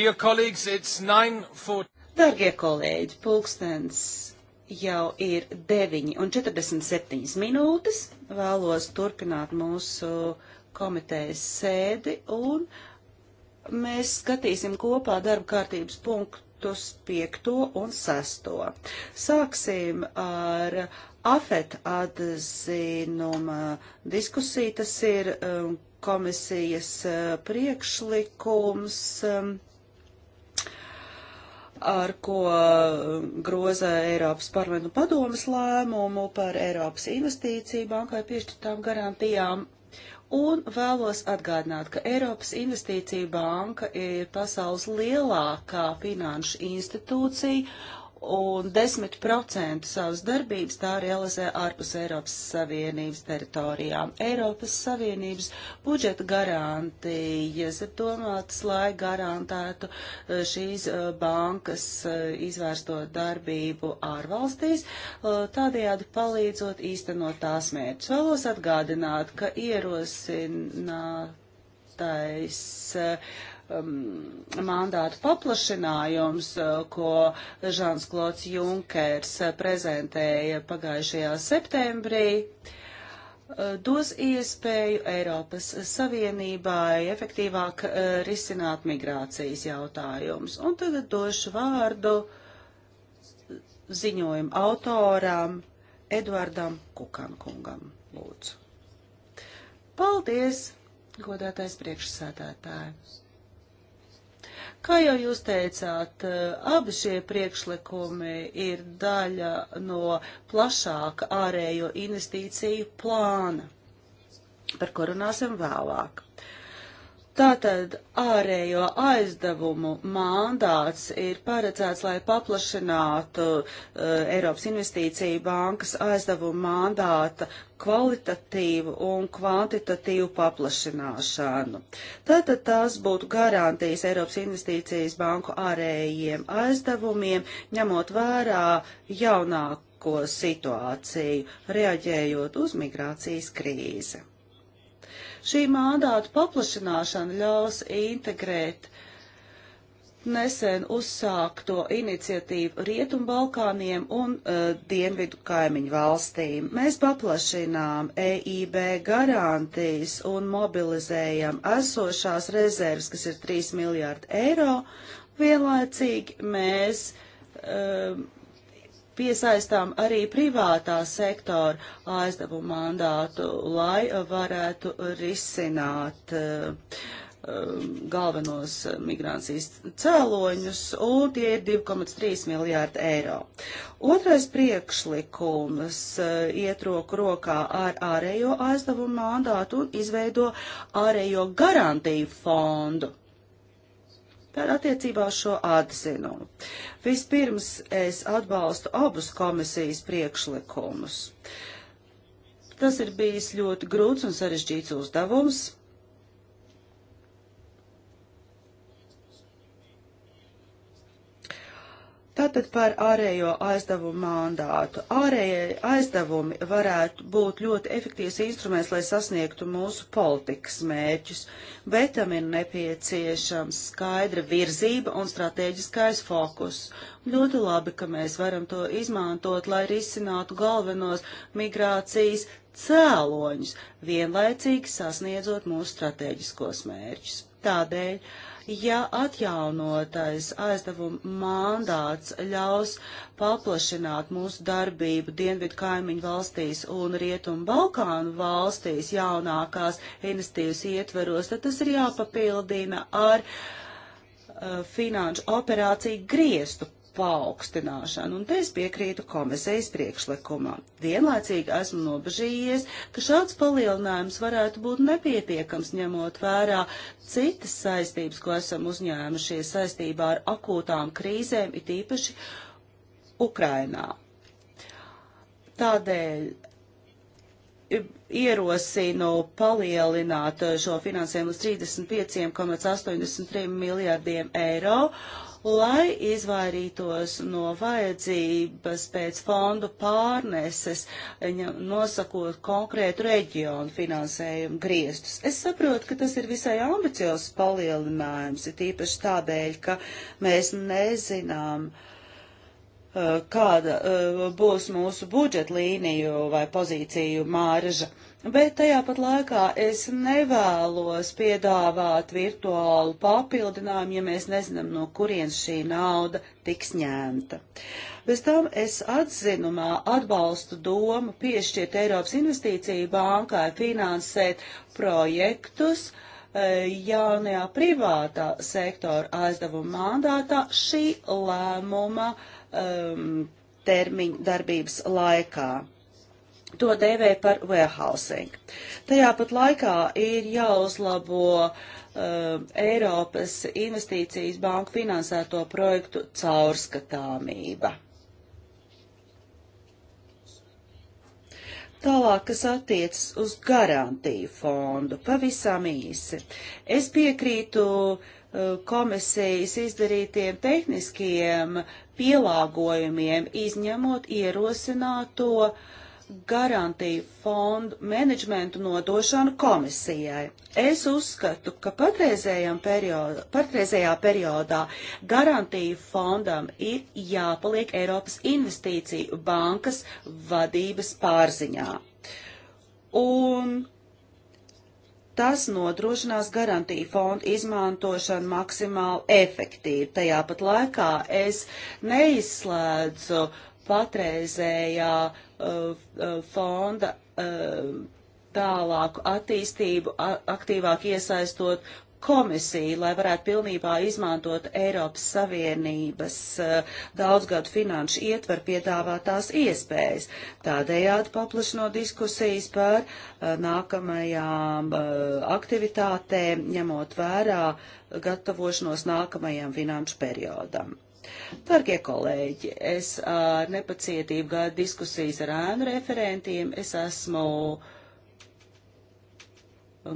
Dear colleagues, it's 9.40. Dargie kolēģi, pulkstens jau ir 9.47 minūtes. Vēlos turpināt mūsu komitejas sēdi un mēs skatīsim kopā darba kārtības punktus 5 un 6. Sāksim ar afet atzinuma diskusiju. Tas ir um, komisijas uh, priekšlikums. Um, ar ko um, groza Eiropas parlamentu padomas lēmumu par Eiropas investīciju bankai piešķirtām garantijām. Un vēlos atgādināt, ka Eiropas investīcija banka ir pasaules lielākā finanšu institūcija un 10% savas darbības tā realizē ārpus Eiropas Savienības teritorijām. Eiropas Savienības budžeta garantijas ir domātas, lai garantētu eh, šīs eh, bankas eh, izvērsto darbību ārvalstīs, tādējādi palīdzot īstenot tās mērķus. Vēlos atgādināt, ka ierosinātais Um, mandātu paplašinājums, uh, ko Žāns Klots Junkers uh, prezentēja pagājušajā septembrī, uh, dos iespēju Eiropas Savienībai efektīvāk risināt migrācijas jautājumus. Un tagad došu vārdu ziņojuma autoram Eduardam Kukankungam. Lūdzu. Paldies, godātais priekšsēdētāji! Kā jau jūs teicāt, eh, abi šie priekšlikumi ir daļa no plašāka ārējo investīciju plāna, par ko runāsim vēlāk. Uh, Tātad ārējo aizdevumu mandāts ir paredzēts, lai paplašinātu uh, Eiropas investīciju bankas aizdevumu mandāta kvalitatīvu un kvantitatīvu paplašināšanu. Tātad tās būtu garantijas Eiropas investīcijas banku ārējiem aizdevumiem, ņemot vērā jaunāko situāciju, reaģējot uz migrācijas krīzi. Šī mandāta paplašināšana ļaus integrēt nesen uzsākto iniciatīvu Rietumbalkāniem un uh, Dienvidu kaimiņu valstīm. Mēs paplašinām EIB garantijas un mobilizējam esošās rezerves, kas ir 3 miljārdi eiro. Vienlaicīgi mēs uh, piesaistām arī privātā sektora aizdevu mandātu, lai varētu risināt eh, um, galvenos migrācijas cēloņus, un tie ir 2,3 miljārdi eiro. Otrais priekšlikums eh, iet roku rokā ar ārējo aizdevumu mandātu un izveido ārējo garantiju fondu Par attiecībā uz šo atzinumu. Vispirms es atbalstu abus komisijas priekšlikumus. Tas ir bijis ļoti grūts un sarežģīts uzdevums, Tātad par ārējo aizdevumu mandātu. Ārējie aizdevumi varētu būt ļoti efektīvs instruments, lai sasniegtu mūsu politikas mērķus, bet tam ir nepieciešams skaidra virzība un strateģiskais fokus. Ļoti labi, ka mēs varam to izmantot, lai risinātu galvenos migrācijas cēloņus, vienlaicīgi sasniedzot mūsu strateģiskos mērķus. Tādēļ ja atjaunotais aizdevuma mandāts ļaus paplašināt mūsu darbību Dienvidu kaimiņu valstīs un Rietumu Balkānu valstīs jaunākās investīvas ietveros, tad tas ir jāpapildina ar uh, finanšu operāciju griestu paaugstināšanu, un te es piekrītu komisijas priekšlikumam. Vienlaicīgi esmu nobežījies, ka šāds palielinājums varētu būt nepietiekams, ņemot vērā citas saistības, ko esam uzņēmušies saistībā ar akūtām krīzēm, it īpaši Ukrainā. Tādēļ ierosinu palielināt šo finansējumu līdz 35,83 miljārdiem eiro lai izvairītos no vajadzības pēc fondu pārneses, nosakot konkrētu reģionu finansējumu griestus. Es saprotu, ka tas ir visai ambiciozs palielinājums, ir tīpaši tādēļ, ka mēs nezinām, uh, kāda uh, būs mūsu budžetlīniju vai pozīciju mārža. Bet tajā pat laikā es nevēlos piedāvāt virtuālu papildinājumu, ja mēs nezinām, no kurienes šī nauda tiks ņemta. Bez tam es atzinumā atbalstu domu piešķirt Eiropas investīciju bankai finansēt projektus, e, jaunajā privātā sektora aizdevuma mandātā šī lēmuma um, termiņa darbības laikā. To dēvē par warehousing. Tajā pat laikā ir jāuzlabo uh, Eiropas investīcijas banku finansēto projektu caurskatāmība. Tālāk, kas attiecas uz garantiju fondu, pavisam īsi. Es piekrītu uh, komisijas izdarītiem tehniskiem pielāgojumiem, izņemot ierosināto uh, garantiju fondu menedžmentu nodošanu komisijai. Es uzskatu, ka periodā, patreizējā periodā garantiju fondam ir jāpaliek Eiropas investīciju bankas vadības pārziņā. Un tas nodrošinās garantiju fondu izmantošanu maksimāli efektīvi. Tajā pat laikā es neizslēdzu uh, patreizējā uh, uh, fonda uh, tālāku attīstību, aktīvāk iesaistot komisiju, lai varētu pilnībā izmantot Eiropas Savienības uh, daudzgadu finanšu ietvaru piedāvātās iespējas. Tādējādi paplašinot diskusijas par uh, nākamajām uh, aktivitātēm, ņemot vērā gatavošanos nākamajam finanšu periodam. Dargie kolēģi, es ar nepacietību gāju diskusijas ar ēnu referentiem. Es esmu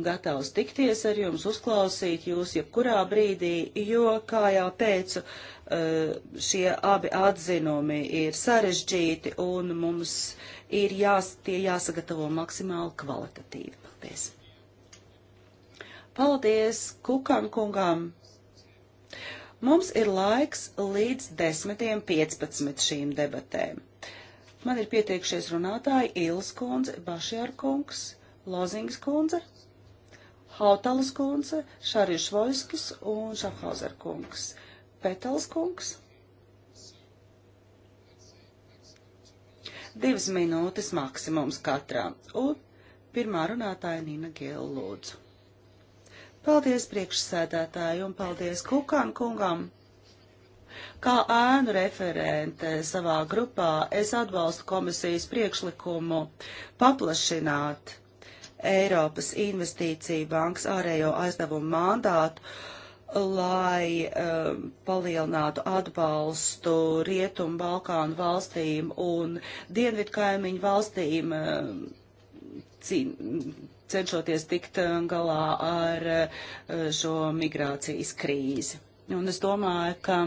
gatavs tikties ar jums, uzklausīt jūs jebkurā brīdī, jo, kā jau teicu, eh, šie abi atzinumi ir sarežģīti un mums ir jās, tie jāsagatavo maksimāli kvalitatīvi. Paldies! Paldies Kukan kungam! Mums ir laiks līdz 10.15 šīm debatēm. Man ir pieteikšies runātāji Ilas kundze, Bašjāra kungs, Lozings kundze, Hautalas kundze, Šariš Vojskis un Šafhauser kungs. Petals kungs. Divas minūtes maksimums katrā. Un pirmā runātāja Nina Gēl lūdzu. Paldies priekšsēdētāji un paldies Kukan kungam. Kā ēnu referente savā grupā es atbalstu komisijas priekšlikumu paplašināt Eiropas investīciju bankas ārējo aizdevumu mandātu, lai um, palielinātu atbalstu Rietumu Balkānu valstīm un Dienvidu kaimiņu valstīm um, cīn, cenšoties tikt eh, galā ar eh, šo migrācijas krīzi. Un es domāju, ka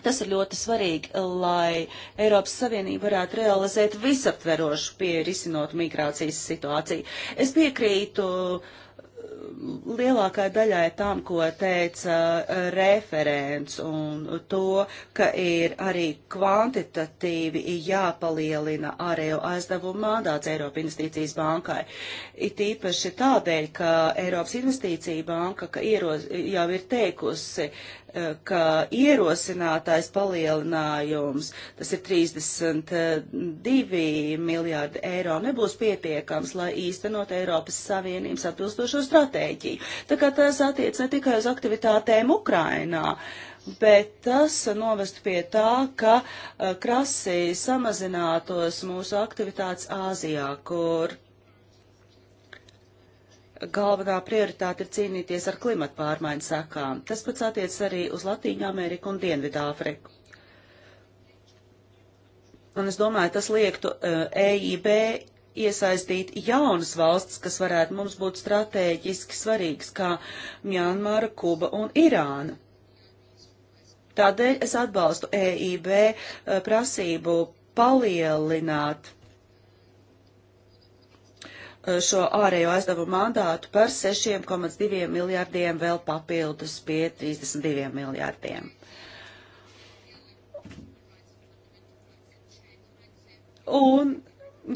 Tas ir ļoti svarīgi, lai Eiropas Savienība varētu realizēt visaptverošu pieeju risinot migrācijas situāciju. Es piekrītu uh, lielākai daļai tam, ko teica uh, referents, un to, ka ir arī kvantitatīvi jāpalielina ārējo aizdevumu mandāts Eiropa Investīcijas bankai. It īpaši tādēļ, ka Eiropas Investīcija banka ka ieroz, jau ir teikusi, Eh, ka ierosinātais palielinājums, tas ir 32 miljārdi eiro, nebūs pietiekams, lai īstenot Eiropas Savienības atbilstošo stratēģiju. Tā kā tas attiec ne tikai uz aktivitātēm Ukrainā, bet tas novestu pie tā, ka eh, krasi samazinātos mūsu aktivitātes Āzijā, kur galvenā prioritāte ir cīnīties ar klimatu pārmaiņu sakām. Tas pats attiec arī uz Latīņu Ameriku un Dienvidāfriku. Un es domāju, tas liektu EIB eh, e iesaistīt jaunas valsts, kas varētu mums būt strateģiski svarīgas, kā Mjanmara, Kuba un Irāna. Tādēļ es atbalstu EIB eh, prasību palielināt Eh, šo ārējo aizdevu mandātu par 6,2 miljārdiem vēl papildus pie 32 miljārdiem. Un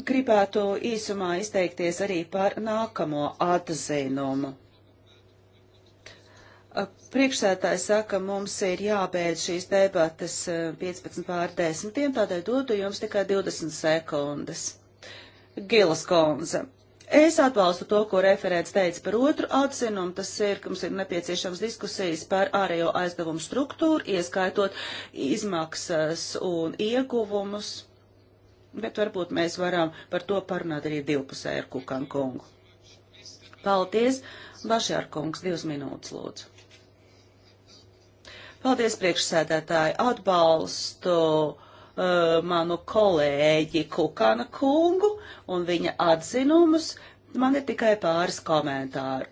gribētu īsumā izteikties arī par nākamo atzinumu. Eh, Priekšsētājs saka, mums ir jābeidz šīs debatas 15 eh, pār 10, tādēļ dodu jums tikai 20 sekundes. Gilas Konze, Es atbalstu to, ko referēts teica par otru atzinumu, tas ir, ka mums ir nepieciešams diskusijas par ārējo aizdevumu struktūru, ieskaitot izmaksas un ieguvumus, bet varbūt mēs varam par to parunāt arī divpusē ar Kukan kungu. Paldies, Bašār kungs, divas minūtes lūdzu. Paldies, priekšsēdētāji, atbalstu uh, manu kolēģi Kukana kungu un viņa atzinumus, man ir tikai pāris komentāru.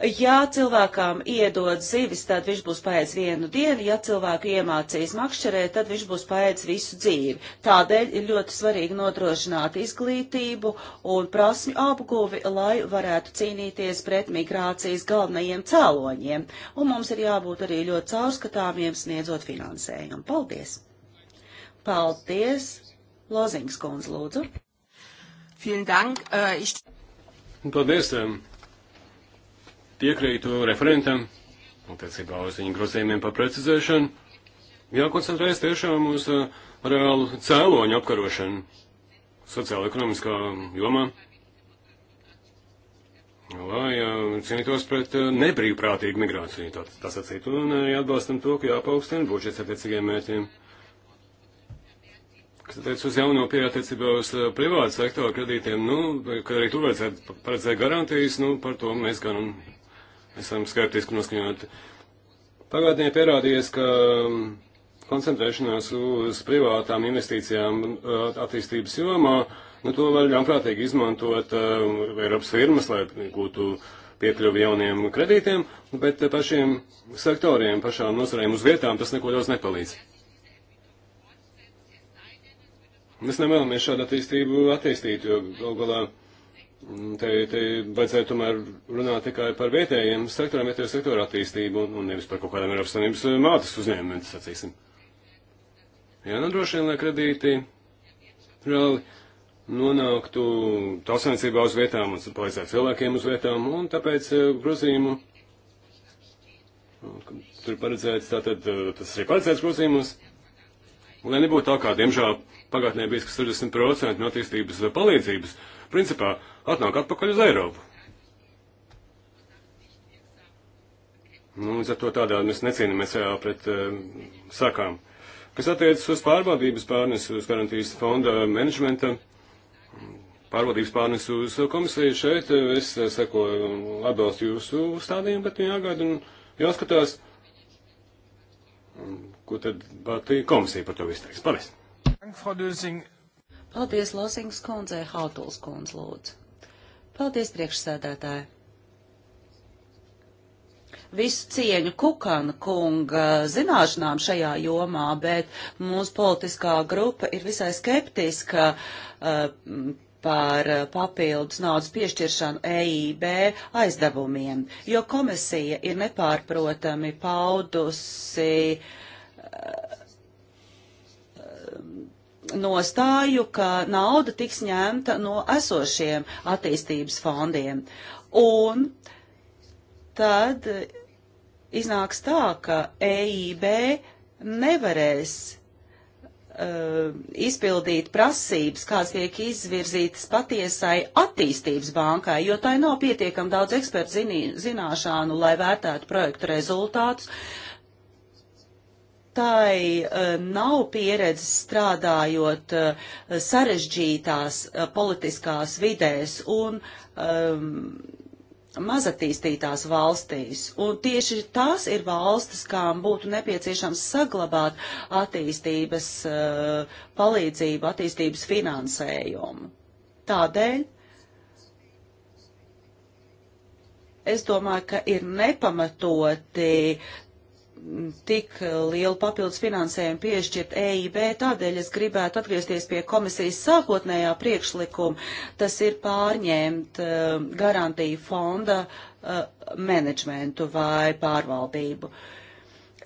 Ja cilvēkam iedod zivis, tad viņš būs paēdis vienu dienu, ja cilvēku iemācīs makšķerēt, tad viņš būs paēdis visu dzīvi. Tādēļ ir ļoti svarīgi nodrošināt izglītību un prasmi apguvi, lai varētu cīnīties pret migrācijas galvenajiem cēloņiem. Un mums ir jābūt arī ļoti caurskatāmiem sniedzot finansējumu. Paldies! Paldies! Lozings kundze, lūdzu! Vielen Dank! Uh, ich... Paldies! Um piekrītu referentam, attiecībā uz viņu grozījumiem par precizēšanu, jākoncentrējas tiešām uz uh, reālu cēloņu apkarošanu sociāla-ekonomiskā jomā, lai uh, cīnītos pret uh, nebrīvprātīgu migrāciju, tā, tā sacīt, un uh, atbalstam to, ka jāpaukstina budžets attiecīgiem mērķiem. Kas attiec uz jauno pieattiecībā uz uh, privātu sektoru kredītiem, nu, ka arī tur vajadzētu paredzēt garantijas, nu, par to mēs gan esam skeptiski noskaņoti. Pagātnē pierādījies, ka um, koncentrēšanās uz privātām investīcijām uh, attīstības jomā, nu to var ļaunprātīgi izmantot uh, Eiropas firmas, lai gūtu piekļuvi jauniem kredītiem, bet uh, pašiem sektoriem, pašām nozarēm uz vietām tas neko daudz nepalīdz. Mēs nevēlamies šādu attīstību attīstīt, jo galu galā Mm, te, te vajadzētu tomēr runāt tikai par vietējiem sektoriem, vietējo sektoru attīstību un, un nevis par kaut kādām Eiropas Savienības eh, mātes uzņēmumiem, sacīsim. Jā, nodrošina, nu, lai kredīti reāli nonāktu tautsainicībā uz vietām un palīdzētu cilvēkiem uz vietām, un tāpēc eh, grozījumu, tur paredzēts, tātad eh, tas arī paredzēts grozījumus, lai nebūtu tā kā, diemžēl, pagātnē bijis, ka 60% no attīstības palīdzības principā atnāk atpakaļ uz Eiropu. Nu, līdz ar to tādā mēs necīnāmies jā, pret uh, sakām. Kas attiecas uz pārvaldības pārnesu, uz garantijas fonda menedžmenta, pārvaldības pārnesu uz komisiju šeit, eh, es eh, seko atbalstu jūsu stādījumu, bet jāgaida un jāskatās, mm, ko tad pati komisija par to izteiks. Paldies! Paldies Losings kundzei, Hautuls kundz lūdzu. Paldies priekšsēdētāji. Visu cieņu Kukana kunga zināšanām šajā jomā, bet mūsu politiskā grupa ir visai skeptiska uh, par papildus naudas piešķiršanu EIB aizdevumiem, jo komisija ir nepārprotami paudusi uh, nostāju, ka nauda tiks ņemta no esošiem attīstības fondiem. Un tad iznāks tā, ka EIB nevarēs uh, izpildīt prasības, kādas tiek izvirzītas patiesai attīstības bankai, jo tai nav pietiekam daudz ekspertu zināšanu, lai vērtētu projektu rezultātus, uh, tai e, nav pieredzes strādājot e, sarežģītās e, politiskās vidēs un um, mazatīstītās valstīs. Un tieši tās ir valstis, kām būtu nepieciešams saglabāt attīstības uh, palīdzību, attīstības finansējumu. Tādēļ es domāju, ka ir nepamatoti tik lielu papildus finansējumu piešķirt EIB, tādēļ es gribētu atgriezties pie komisijas sākotnējā priekšlikuma. Tas ir pārņemt uh, garantiju fonda uh, menedžmentu vai pārvaldību.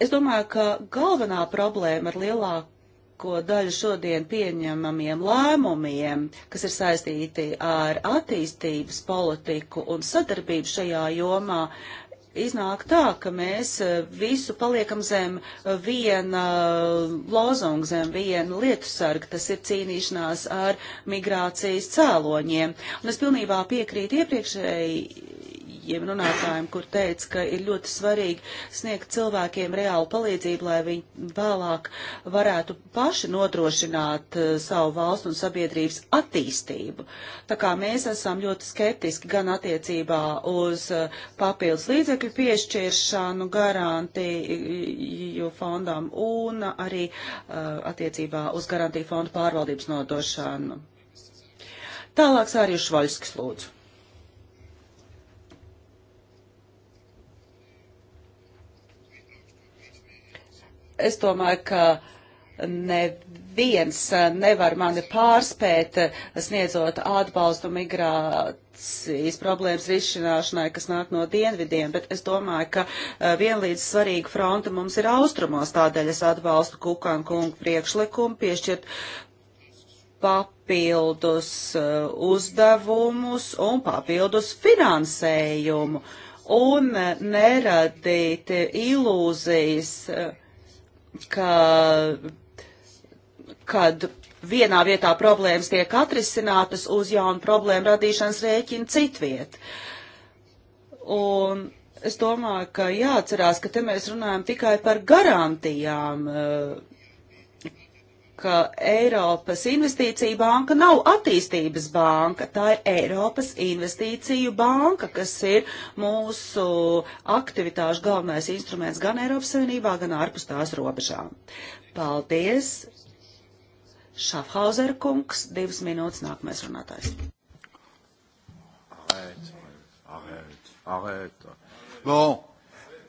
Es domāju, ka galvenā problēma ar lielāko daļu šodien pieņemamiem lēmumiem, kas ir saistīti ar attīstības politiku un sadarbību šajā jomā, uh, iznāk tā, ka mēs e, visu paliekam zem e, viena e, lozonga, zem viena lietusarga, tas ir cīnīšanās ar migrācijas cēloņiem. Un es pilnībā piekrītu iepriekšēji kolēģiem runātājiem, kur teica, ka ir ļoti svarīgi sniegt cilvēkiem reālu palīdzību, lai viņi vēlāk varētu paši nodrošināt eh, savu valstu un sabiedrības attīstību. Tā kā mēs esam ļoti skeptiski gan attiecībā uz eh, papildus līdzekļu piešķiršanu garantiju fondam un arī eh, attiecībā uz garantiju fondu pārvaldības nodošanu. Tālāk Sārijas Švaļskis lūdzu. es domāju, ka neviens eh, nevar mani pārspēt, eh, sniedzot atbalstu migrācijas problēmas risināšanai, kas nāk no dienvidiem, bet es domāju, ka eh, vienlīdz svarīga fronta mums ir austrumos, tādēļ es atbalstu Kukan kungu priekšlikumu piešķirt papildus uzdevumus un papildus finansējumu un neradīt ilūzijas ka kad vienā vietā problēmas tiek atrisinātas uz jaunu problēmu radīšanas rēķina citviet. Un es domāju, ka jāatcerās, ka te mēs runājam tikai par garantijām uh, ka Eiropas investīcija banka nav attīstības banka, tā ir Eiropas investīciju banka, kas ir mūsu aktivitāšu galvenais instruments gan Eiropas Savienībā, gan ārpus tās robežām. Paldies! Šafhauser kungs, divas minūtes nākamais runātājs. Arēt, arēt, arēt. Bon,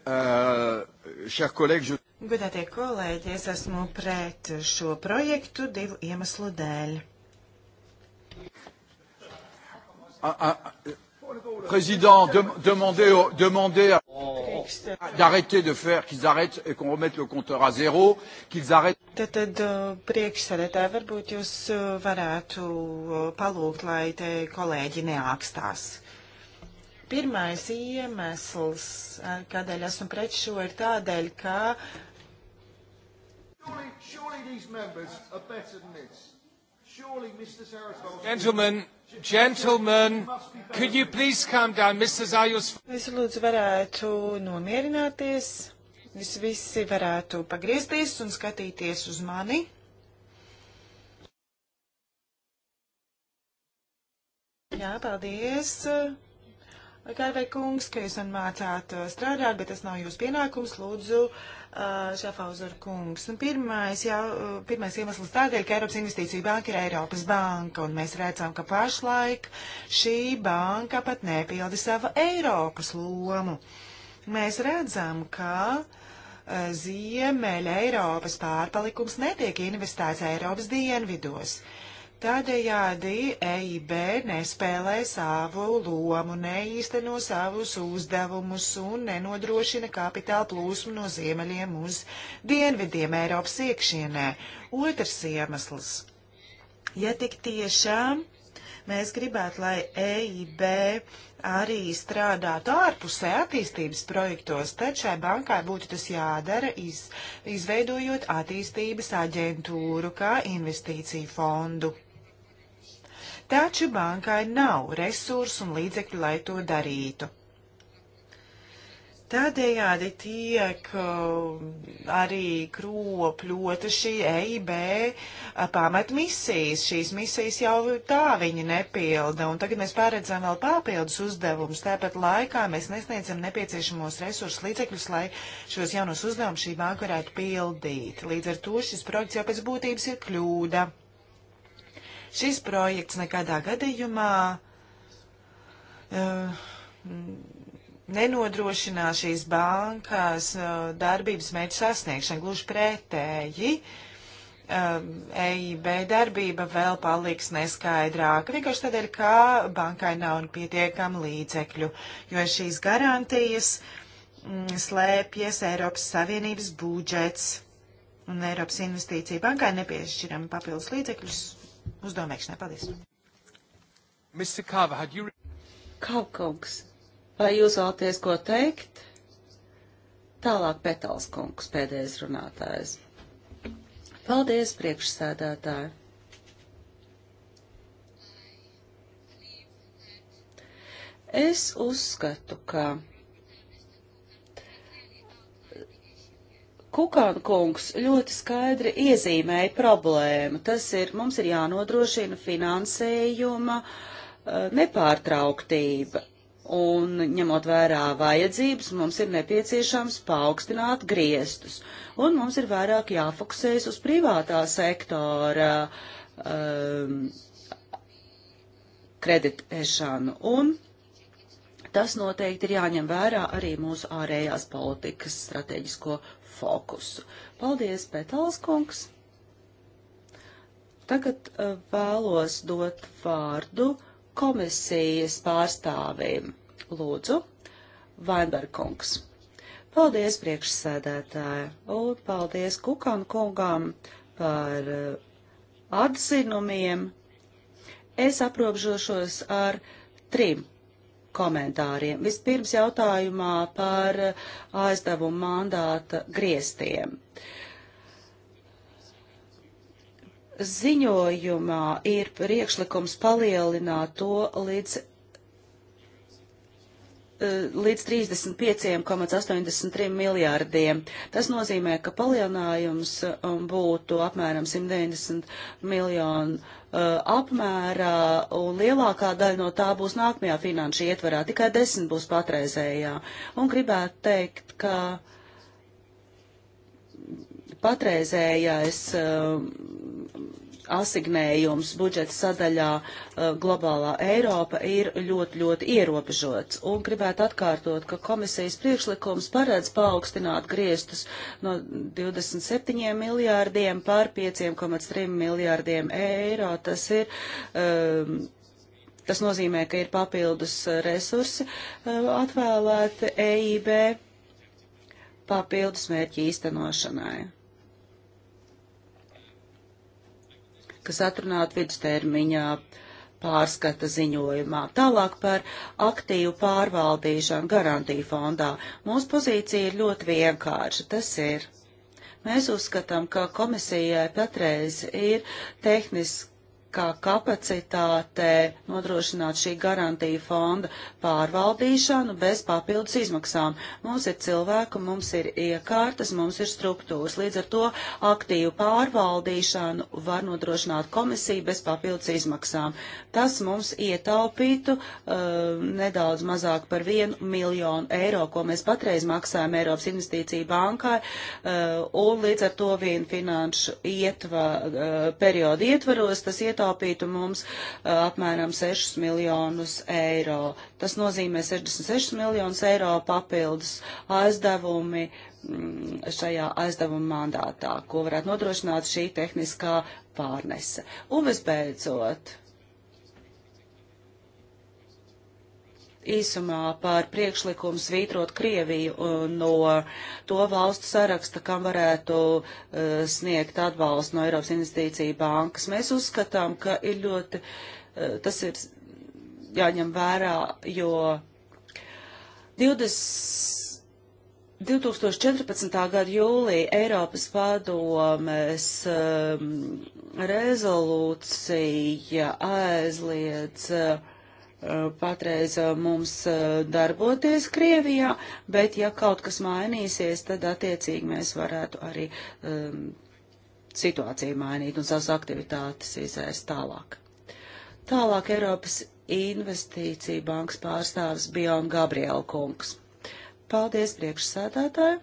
uh, cher collègue, je... Godātie kolēģi, es esmu pret šo projektu divu iemeslu dēļ. Président, de, demandez, demandez à, d'arrêter de faire, qu'ils arrêtent et qu'on remette le compteur à zéro, qu'ils arrêtent. Tātad uh, priekšsēdētāji, varbūt jūs uh, varētu uh, palūgt, lai te kolēģi neākstās. Pirmais iemesls, kādēļ esmu pret šo, ir tādēļ, ka. Surely, surely these members are better than this. Surely, Mr. Sarasvati. Gentlemen, gentlemen, could you please calm down, Mr. Zajus? Es lūdzu varētu nomierināties. Jūs visi varētu pagriezties un skatīties uz mani. Jā, paldies. Kāda kungs, ka jūs man mācāt uh, strādāt, bet tas nav jūsu pienākums, lūdzu, uh, Šafauzer kungs. Un pirmais, jā, uh, pirmais iemesls tādēļ, ka Eiropas investīcija banka ir Eiropas banka, un mēs redzam, ka pašlaik šī banka pat nepildi sava Eiropas lomu. Mēs redzam, ka Ziemeļa Eiropas pārpalikums netiek investēts Eiropas dienvidos. Uh, Tādējādi EIB nespēlē savu lomu, neīsteno savus uzdevumus un nenodrošina kapitāla plūsmu no ziemeļiem uz dienvidiem Eiropas iekšienē. Otrs iemesls. Ja tik tiešām mēs gribētu, lai EIB arī strādātu ārpusē attīstības projektos, tad šai bankai būtu tas jādara, iz, izveidojot attīstības aģentūru kā investīciju fondu taču bankai nav resursu un līdzekļu, lai to darītu. Tādējādi tiek um, arī kropļota šī EIB uh, pamatmisijas. Šīs misijas jau tā viņi nepilda, un tagad mēs pārredzam vēl papildus uzdevumus. Tāpat laikā mēs nesniedzam nepieciešamos resursus līdzekļus, lai šos jaunos uzdevumus šī banka varētu pildīt. Līdz ar to šis projekts jau pēc būtības ir kļūda. Šis projekts nekādā gadījumā uh, nenodrošinās šīs bankas uh, darbības mērķu sasniegšanu, gluži pretēji. Uh, eh, EIB darbība vēl paliks neskaidrāka, vienkārši tādēļ, ka bankai nav pietiekami līdzekļu, jo šīs garantijas mm, slēpjas Eiropas Savienības budžets un Eiropas Investīcija bankai nepiešķiram papildus līdzekļus uzdomēšanai. Paldies! Kava, you... Kaukungs, vai jūs vēlaties ko teikt? Tālāk Petals kungs, pēdējais runātājs. Paldies, priekšsēdētāji! Es uzskatu, ka Kukan kungs ļoti skaidri iezīmēja problēmu. Tas ir, mums ir jānodrošina finansējuma eh, nepārtrauktība. Un ņemot vērā vajadzības, mums ir nepieciešams paaugstināt griestus. Un mums ir vairāk jāfokusējas uz privātā sektora um, kreditēšanu. Un tas noteikti ir jāņem vērā arī mūsu ārējās politikas strateģisko fokusu. Paldies, Petāls kungs! Tagad uh, vēlos dot vārdu komisijas pārstāvīm. Lūdzu, Vainberkungs. Paldies priekšsēdētāji un paldies Kukan kungām par uh, atzinumiem. Es aprobežošos ar trim komentāriem. Vispirms jautājumā par aizdevumu mandāta griestiem. Ziņojumā ir priekšlikums palielināt to līdz Eh, līdz 35,83 miljārdiem. Tas nozīmē, ka palielinājums eh, būtu apmēram 190 miljonu uh, apmērā, un lielākā daļa no tā būs nākamajā finanšu ietvarā, tikai 10 būs patreizējā. Un gribētu teikt, ka patreizējais uh, asignējums budžeta sadaļā eh, globālā Eiropa ir ļoti, ļoti ierobežots. Un gribētu atkārtot, ka komisijas priekšlikums paredz paaugstināt griestus no 27 miljārdiem pār 5,3 miljārdiem eiro. Tas ir. Um, Tas nozīmē, ka ir papildus eh, resursi eh, atvēlēti EIB papildus mērķi īstenošanai. kas atrunāta vidustermiņā pārskata ziņojumā. Tālāk par aktīvu pārvaldīšanu garantiju fondā. Mūsu pozīcija ir ļoti vienkārša. Tas ir. Mēs uzskatām, ka komisijai patreiz ir tehniski kā kapacitāte nodrošināt šī garantija fonda pārvaldīšanu bez papildus izmaksām. Mums ir cilvēku, mums ir iekārtas, mums ir struktūras. Līdz ar to aktīvu pārvaldīšanu var nodrošināt komisija bez papildus izmaksām. Tas mums ietaupītu uh, nedaudz mazāk par vienu miljonu eiro, ko mēs patreiz maksājam Eiropas investīciju bankai, uh, un līdz ar to vien finanšu ietva, uh, periodu ietvaros tas ietaupītu ietaupītu mums uh, apmēram 6 miljonus eiro. Tas nozīmē 66 miljonus eiro papildus aizdevumi mm, šajā aizdevuma mandātā, ko varētu nodrošināt šī tehniskā pārnese. Un visbeidzot, īsumā par priekšlikumu svītrot Krieviju no to valstu saraksta, kam varētu uh, sniegt atbalstu no Eiropas investīcija bankas. Mēs uzskatām, ka ir ļoti, uh, tas ir jāņem vērā, jo 20. 2014. gada jūlija Eiropas padomes um, rezolūcija aizliedz uh, Eh, patreiz eh, mums eh, darboties Krievijā, bet ja kaut kas mainīsies, tad attiecīgi mēs varētu arī um, situāciju mainīt un savas aktivitātes izvērst tālāk. Tālāk Eiropas investīcija bankas pārstāvis Bion Gabriela kungs. Paldies priekšsēdētāji!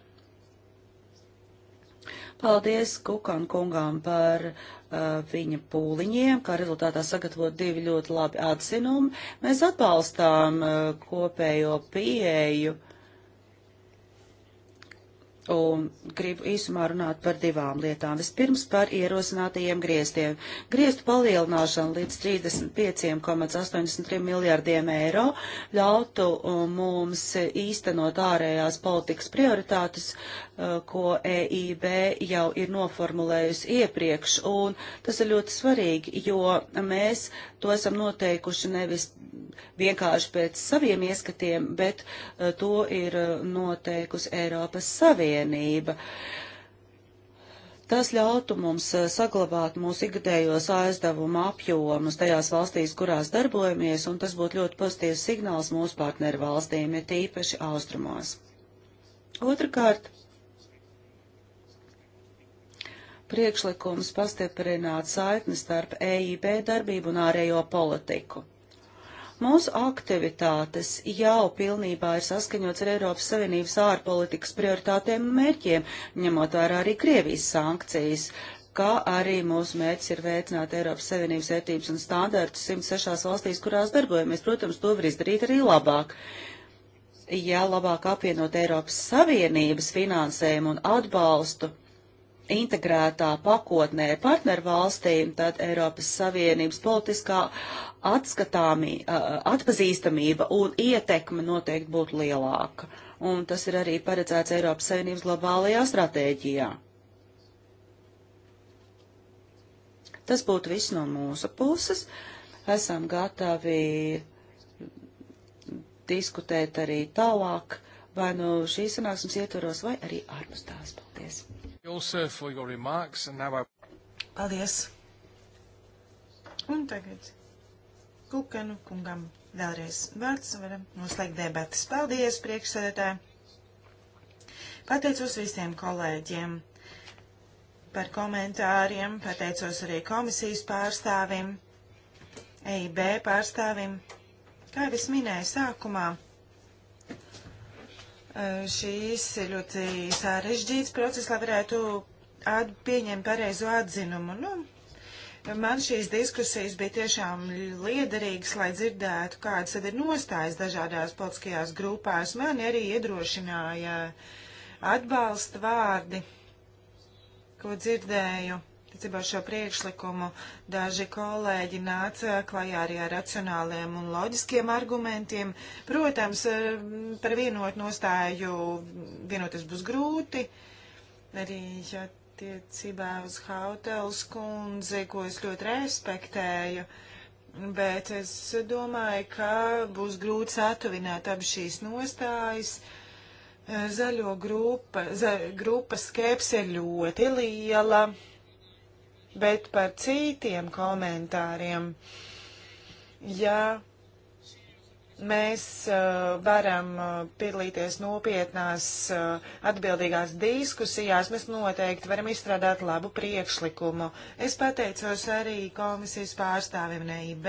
Paldies Kukan kungām par uh, Uh, viņa pūliņiem, kā rezultātā sagatavot divi ļoti labi atzinumi. Mēs atbalstām uh, kopējo pieeju Un gribu īsumā runāt par divām lietām. Vispirms par ierosinātajiem grieztiem. Griestu palielināšana līdz 35,83 miljārdiem eiro ļautu uh, mums īstenot ārējās politikas prioritātes, uh, ko EIB jau ir noformulējusi iepriekš. Un tas ir ļoti svarīgi, jo mēs to esam noteikuši nevis vienkārši pēc saviem ieskatiem, bet uh, to ir noteikusi Eiropas Savienība. Savienība. Tas ļautu mums eh, saglabāt mūsu ikgadējos aizdevumu apjomus tajās valstīs, kurās darbojamies, un tas būtu ļoti pozitīvs signāls mūsu partneru valstīm, ir tīpaši austrumos. Otrakārt, priekšlikums pastiprināt saikni starp EIB darbību un ārējo politiku. Mūsu aktivitātes jau pilnībā ir saskaņots ar Eiropas Savienības ārpolitikas prioritātēm un mērķiem, ņemot vērā arī Krievijas sankcijas kā arī mūsu mērķis ir veicināt Eiropas Savienības vērtības un standārtus 106 valstīs, kurās darbojamies. Protams, to var izdarīt arī labāk. Ja labāk apvienot Eiropas Savienības finansējumu un atbalstu integrētā pakotnē partnervalstīm, tad Eiropas Savienības politiskā atskatāmī, atpazīstamība un ietekme noteikti būtu lielāka. Un tas ir arī paredzēts Eiropas Savienības globālajā stratēģijā. Tas būtu viss no mūsu puses. Esam gatavi diskutēt arī tālāk, vai no nu šīs sanāksmes ietvaros, vai arī ārpus tās. Paldies! Paldies! Un tagad Kukenu kungam vēlreiz vārds, varam noslēgt debatas. Paldies, priekšsēdētāji! Pateicos visiem kolēģiem par komentāriem, pateicos arī komisijas pārstāvim, EIB pārstāvim. Kā jau es minēju sākumā, Šīs ir ļoti sarežģīts process, lai varētu pieņemt pareizo atzinumu. Nu, Man šīs diskusijas bija tiešām liederīgas, lai dzirdētu, kādas tad ir nostājas dažādās politiskajās grupās. Mani arī iedrošināja atbalsta vārdi, ko dzirdēju Ticībā šo priekšlikumu daži kolēģi nāca klajā arī ar racionāliem un loģiskiem argumentiem. Protams, eh, par vienot nostāju vienoties būs grūti. Arī attiecībā uz Hautels kundzi, ko es ļoti respektēju. Bet es domāju, ka būs grūti satuvināt abi šīs nostājas. Eh, zaļo grupa, za, grupa skepse ir ļoti liela bet par citiem komentāriem. Ja mēs uh, varam uh, piedalīties nopietnās uh, atbildīgās diskusijās, mēs noteikti varam izstrādāt labu priekšlikumu. Es pateicos arī komisijas pārstāvim NIB,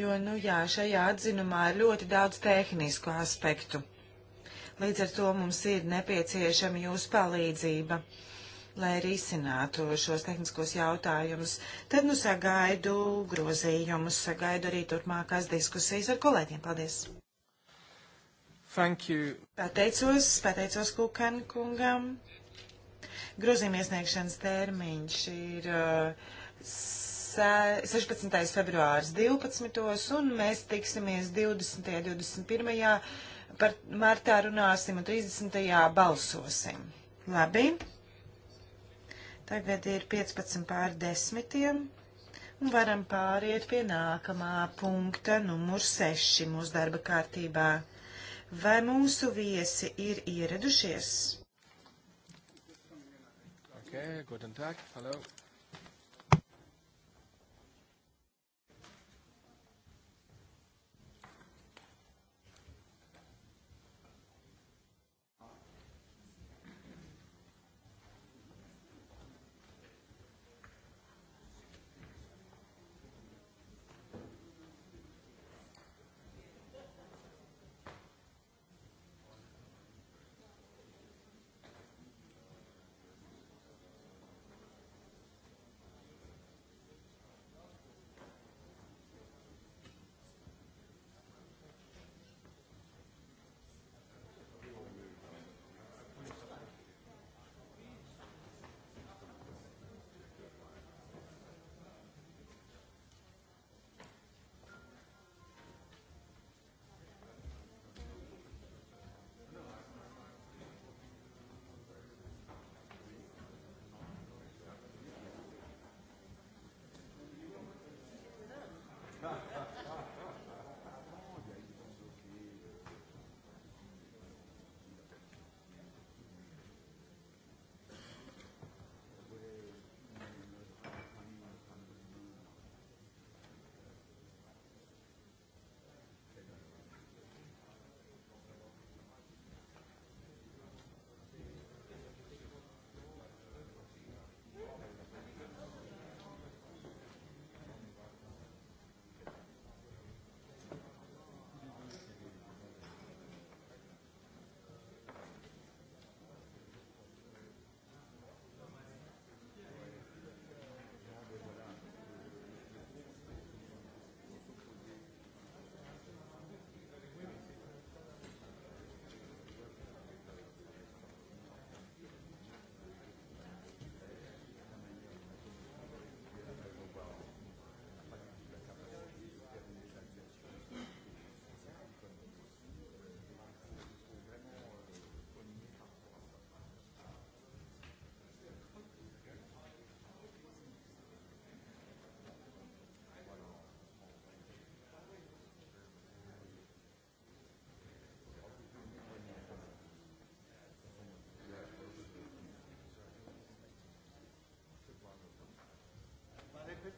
jo, nu jā, šajā atzinumā ir ļoti daudz tehnisku aspektu. Līdz ar to mums ir nepieciešama jūsu palīdzība. Uh, lai risinātu šos tehniskos jautājumus. Tad nu sagaidu grozījumus, sagaidu arī turpmākās diskusijas ar kolēģiem. Paldies! Thank you. Pateicos, pateicos Kukan kungam. Grozījuma iesniegšanas termiņš ir uh, 16. februārs 12. un mēs tiksimies 20. un 21. Par martā runāsim un 30. balsosim. Labi. Tagad ir 15 pār desmitiem. Un varam pāriet pie nākamā punkta, numur 6 mūsu darba kārtībā. Vai mūsu viesi ir ieradušies? Okay, guten Tag, hello.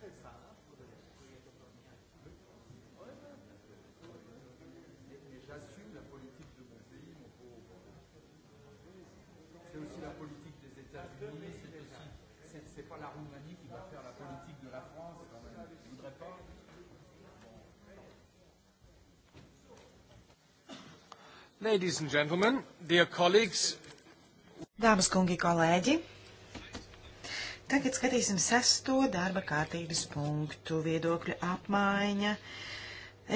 J'assume la politique de mon pays, mon pauvre. C'est aussi la politique des États-Unis, c'est aussi. C'est, c'est pas la Roumanie qui va faire la politique de la France, quand même. Je voudrais pas. Ladies and gentlemen, dear colleagues. Dāmas kungi, kolēģi, Tagad skatīsim sesto darba kārtības punktu viedokļu apmaiņa.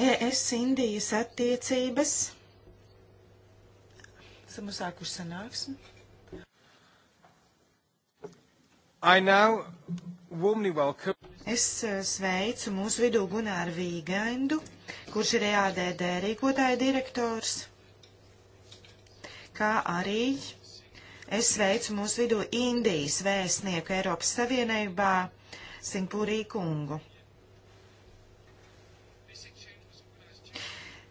ES Indijas attiecības. Esam uzsākuši sanāksmi. I now warmly welcome. Es eh, sveicu mūsu vidū Gunāru Vīgaindu, kurš ir EADD rīkotāja direktors, kā arī Es sveicu mūsu vidū Indijas vēstnieku Eiropas Savienībā Singpūrī kungu.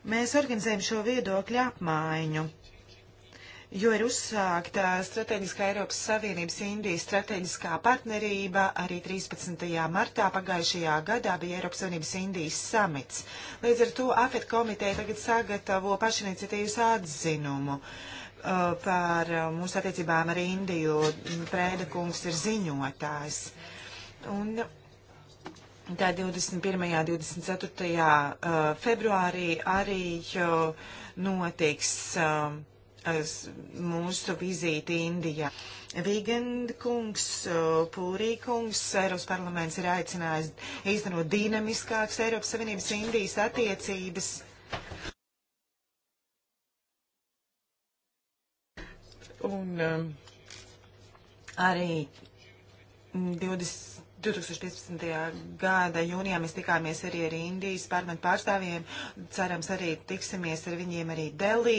Mēs organizējam šo viedokļu apmaiņu, jo ir uzsākta Strateģiskā Eiropas Savienības Indijas strateģiskā partnerība. Arī 13. martā pagājušajā gadā bija Eiropas Savienības Indijas samits. Līdz ar to AFET komiteja tagad sagatavo pašiniciatīvas atzinumu. Uh, Uh, par uh, mūsu attiecībām ar Indiju. Prēda kungs ir ziņotājs. Un tā 21. 24. Uh, februārī arī notiks mūsu vizīti Indijā. Vīgand kungs, Pūrī kungs, Eiropas parlaments ir aicinājis īstenot dinamiskākas Eiropas Savienības Indijas attiecības. un um, arī 20. 2015. gada jūnijā mēs tikāmies arī ar Indijas parlamentu pārstāvjiem. Cerams, arī tiksimies ar viņiem arī Delī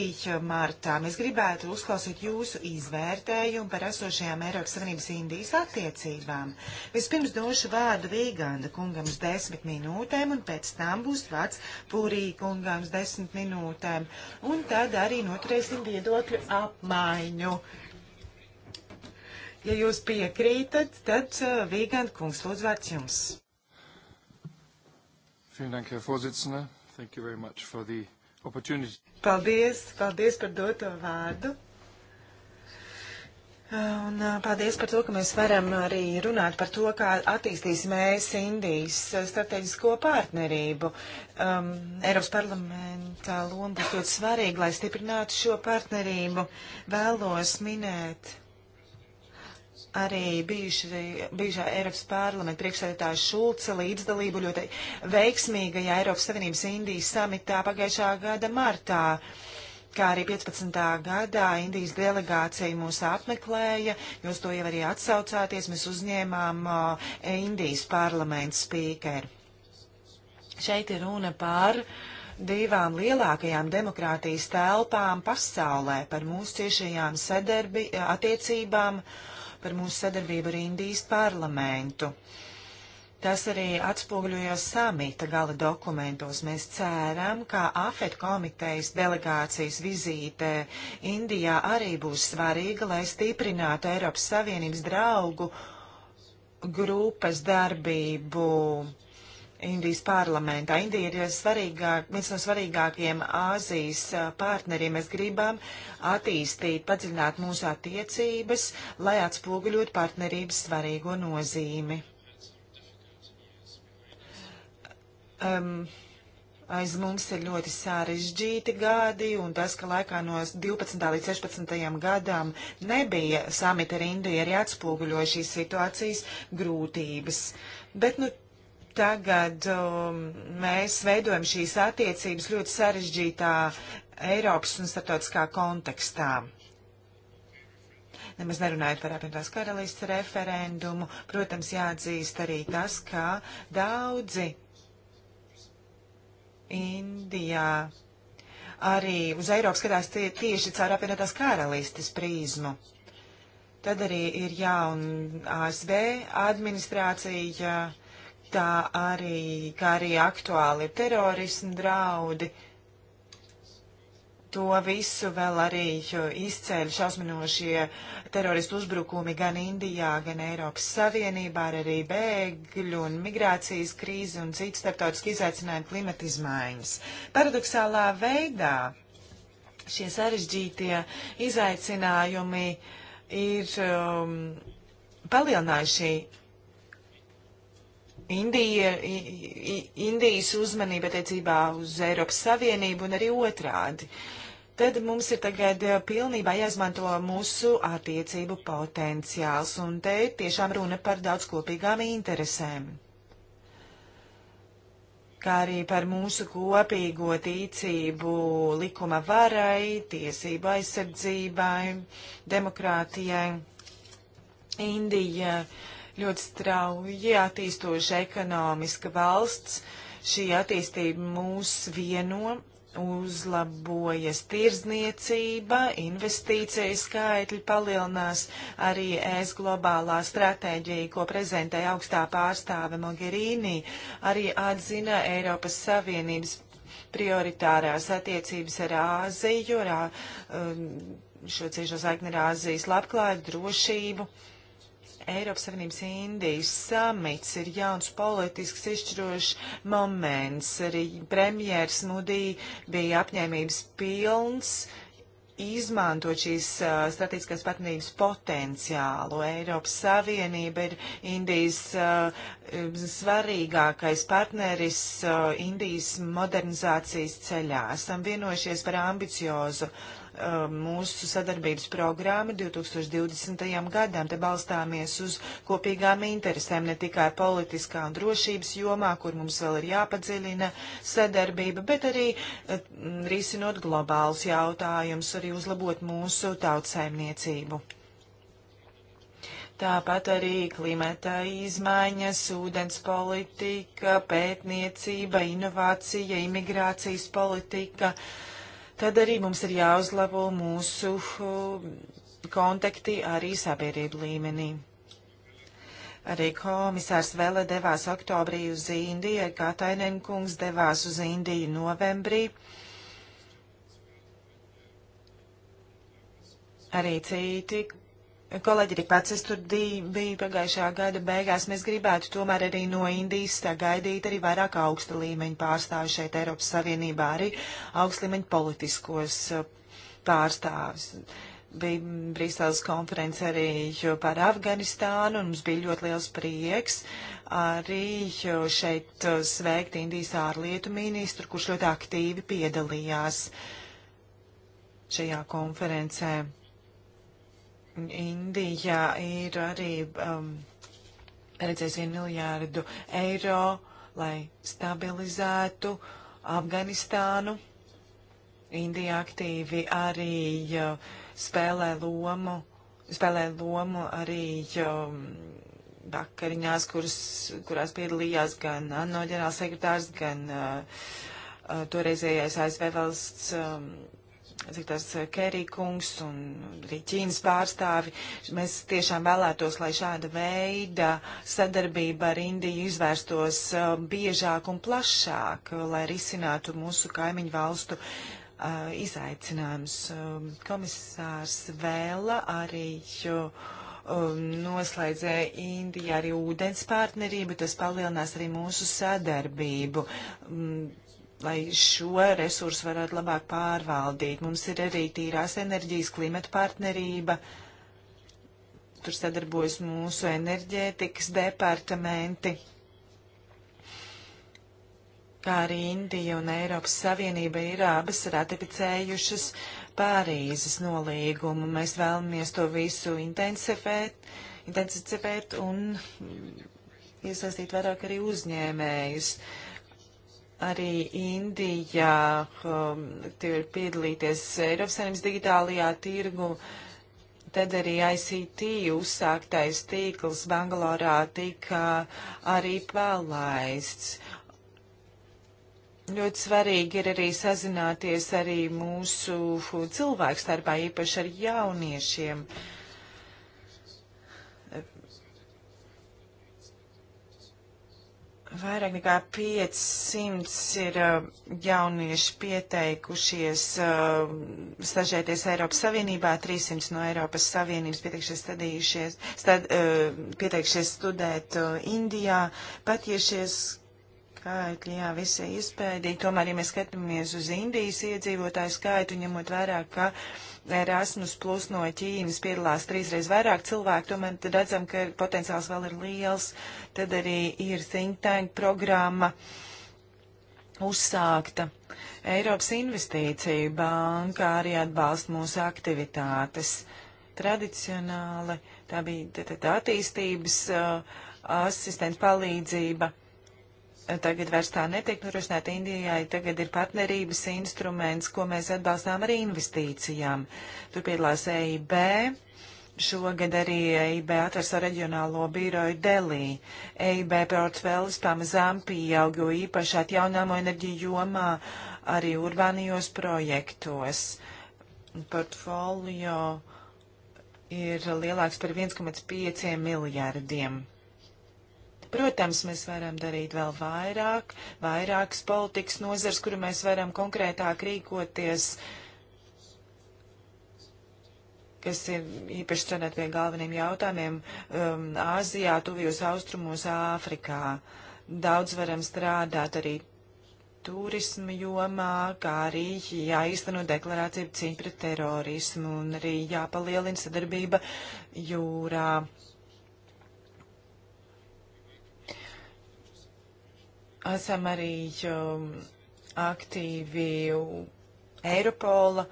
martā. Mēs gribētu uzklausīt jūsu izvērtējumu par esošajām Eiropas Savienības Indijas attiecībām. Vispirms došu vārdu Vīganda kungam uz desmit minūtēm, un pēc tam būs vārds Pūrī kungam uz desmit minūtēm. Un tad arī noturēsim viedokļu apmaiņu. Ja jūs piekrītat, tad uh, Vīgant kungs, lūdzu, vārds jums. Paldies, paldies par doto vārdu. Uh, un uh, paldies par to, ka mēs varam arī runāt par to, kā attīstīsim mēs e Indijas uh, strateģisko partnerību. Um, Eiropas parlamenta loma būs ļoti svarīga, lai stiprinātu šo partnerību. Vēlos minēt arī bijuši, bijušā Eiropas parlamenta priekšsēdētāja Šulca līdzdalību ļoti veiksmīgajā Eiropas Savienības Indijas samitā pagājušā gada martā kā arī 15. gadā Indijas delegācija mūs apmeklēja, jūs to jau arī atsaucāties, mēs uzņēmām uh, Indijas parlamenta spīkeru. Šeit ir runa par divām lielākajām demokrātijas telpām pasaulē, par mūsu ciešajām sadarbi, attiecībām. Uh, par mūsu sadarbību ar Indijas parlamentu. Tas arī atspoguļojās samita gala dokumentos. Mēs ceram, ka AFET komitejas delegācijas vizīte Indijā arī būs svarīga, lai stiprinātu Eiropas Savienības draugu grupas darbību Indijas parlamentā. Indija ir svarīgāk, viens no svarīgākajiem Āzijas partneriem. Mēs gribam attīstīt, padziļināt mūsu attiecības, lai atspoguļot partnerības svarīgo nozīmi. Um, aiz mums ir ļoti sarežģīti gadi, un tas, ka laikā no 12. līdz 16. gadam nebija samita ar Indiju, arī atspoguļoja šīs situācijas grūtības. Bet, nu, Tagad um, mēs veidojam šīs attiecības ļoti sarežģītā Eiropas un starptautiskā kontekstā. Nemaz nerunājot par apvienotās karalists referendumu, protams, jāatzīst arī tas, ka daudzi Indijā arī uz Eiropu skatās tie, tieši caur apvienotās karalistes prizmu. Tad arī ir jauna ASV administrācija. Uh, tā arī, kā arī aktuāli ir terorismu draudi. To visu vēl arī izceļ šausminošie teroristu uzbrukumi gan Indijā, gan Eiropas Savienībā, ar arī bēgļu un migrācijas krīzi un citu starptautisku izaicinājumu klimata izmaiņas. Paradoxālā veidā šie sarežģītie izaicinājumi ir um, palielinājuši Indija, Indijas uzmanība attiecībā uz Eiropas Savienību un arī otrādi. Tad mums ir tagad eh, pilnībā jāizmanto mūsu attiecību potenciāls, un te tiešām runa par daudz kopīgām interesēm kā arī par mūsu kopīgo ticību likuma varai, tiesību aizsardzībai, demokrātijai. Indija ļoti strauji attīstoša ekonomiska valsts. Šī attīstība mūs vieno, uzlabojas tirzniecība, investīcija skaitļi palielinās, arī es globālā stratēģija, ko prezentēja augstā pārstāve Mogherīnī, arī atzina Eiropas Savienības prioritārās attiecības ar Āziju, ar um, šo ciešo saikni ar Āzijas labklājību, drošību. Uh, Eiropas Savienības Indijas samits ir jauns politisks izšķirošs moments. Arī premjērs Mudī bija apņēmības pilns izmantot šīs uh, strateģiskās partnerības potenciālu. Eiropas Savienība ir Indijas uh, svarīgākais partneris uh, Indijas modernizācijas ceļā. Esam vienojušies par ambiciozu uh, Uh, mūsu sadarbības programmu 2020. gadam. Te balstāmies uz kopīgām interesēm, ne tikai politiskā un drošības jomā, kur mums vēl ir jāpadziļina sadarbība, bet arī uh, risinot globālus jautājumus, arī uzlabot mūsu tautsaimniecību. Tāpat arī klimata izmaiņas, ūdens politika, pētniecība, inovācija, imigrācijas politika. Uh, tad arī mums ir jāuzlabo mūsu hm, kontakti arī sabiedrību līmenī. Arī komisārs Vele devās oktobrī uz Indiju, kā Tainenkungs devās uz Indiju novembrī. Arī citi Kolēģi, tikpat es tur biju pagājušā gada beigās, mēs gribētu tomēr arī no Indijas gaidīt arī vairāk augsta līmeņa pārstāvju šeit Eiropas Savienībā, arī augsta līmeņa politiskos uh, pārstāvjus. Bija Brīseles konference arī par Afganistānu, un mums bija ļoti liels prieks arī šeit uh, sveikt Indijas ārlietu ministru, kurš ļoti aktīvi piedalījās šajā konferencē. Indijā ir arī um, paredzējis vienu miljārdu eiro, lai stabilizētu Afganistānu. Indija aktīvi arī uh, spēlē lomu, spēlē lomu arī um, vakariņās, kuras, kurās piedalījās gan ANO uh, ģenerālsekretārs, gan uh, uh toreizējais ASV valsts um, cik tas eh, Kerīkungs un arī Ķīnas pārstāvi. Mēs tiešām vēlētos, lai šāda veida sadarbība ar Indiju izvērstos eh, biežāk un plašāk, eh, lai risinātu mūsu kaimiņu valstu uh, izaicinājumus. Komisārs Vēla arī um, noslēdzē Indijā arī ūdens partnerību, tas palielinās arī mūsu sadarbību. Um, lai šo resursu varētu labāk pārvaldīt. Mums ir arī tīrās enerģijas klimata partnerība. Tur sadarbojas mūsu enerģētikas departamenti, kā arī Indija un Eiropas Savienība ir abas ratificējušas Pārīzes nolīgumu. Mēs vēlamies to visu intensifēt, intensifēt un iesaistīt vairāk arī uzņēmējus. Uh, arī Indijā, um, tie ir piedalīties Eiropas Savienības digitālajā tirgu, tad arī ICT uzsāktais tīkls Bangalorā tika arī palaists. Ļoti svarīgi ir arī sazināties arī mūsu cilvēku starpā, īpaši ar jauniešiem. Uh, Vairāk nekā 500 ir uh, jaunieši pieteikušies uh, stažēties Eiropas Savienībā, 300 no Eiropas Savienības pieteikušies, stad, uh, pieteikušies studēt Indijā. Pat ja šie skaitļi, jā, visai izpēdīgi. Tomēr, ja mēs skatāmies uz Indijas iedzīvotāju skaitu, ņemot vērā, ka Erasmus plus no Ķīnas piedalās trīsreiz vairāk cilvēku, tomēr tad redzam, ka potenciāls vēl ir liels. Tad arī ir think tank programma uzsākta. Eiropas investīcija banka arī atbalsta mūsu aktivitātes. Tradicionāli tā bija tā, tā attīstības uh, asistenta palīdzība. Uh, tagad vairs tā netiek norošināta Indijai, tagad ir partnerības instruments, ko mēs atbalstām ar investīcijām. Tur piedalās EIB, šogad arī EIB atver savu reģionālo biroju Delī. EIB portfelis pamazām pieaug, jo īpaši atjaunāmo enerģiju jomā arī urbānijos projektos. Portfolio ir lielāks par 1,5 miljārdiem. Protams, mēs varam darīt vēl vairāk, vairākas politikas nozars, kuru mēs varam konkrētāk rīkoties, kas ir īpaši strādāt pie galveniem jautājumiem um, Āzijā, tuvijos austrumos, Āfrikā. Daudz varam strādāt arī turismu jomā, kā arī jāizteno deklarācija cīņa pret terorismu un arī jāpalielina sadarbība jūrā esam arī um, aktīvi Eiropola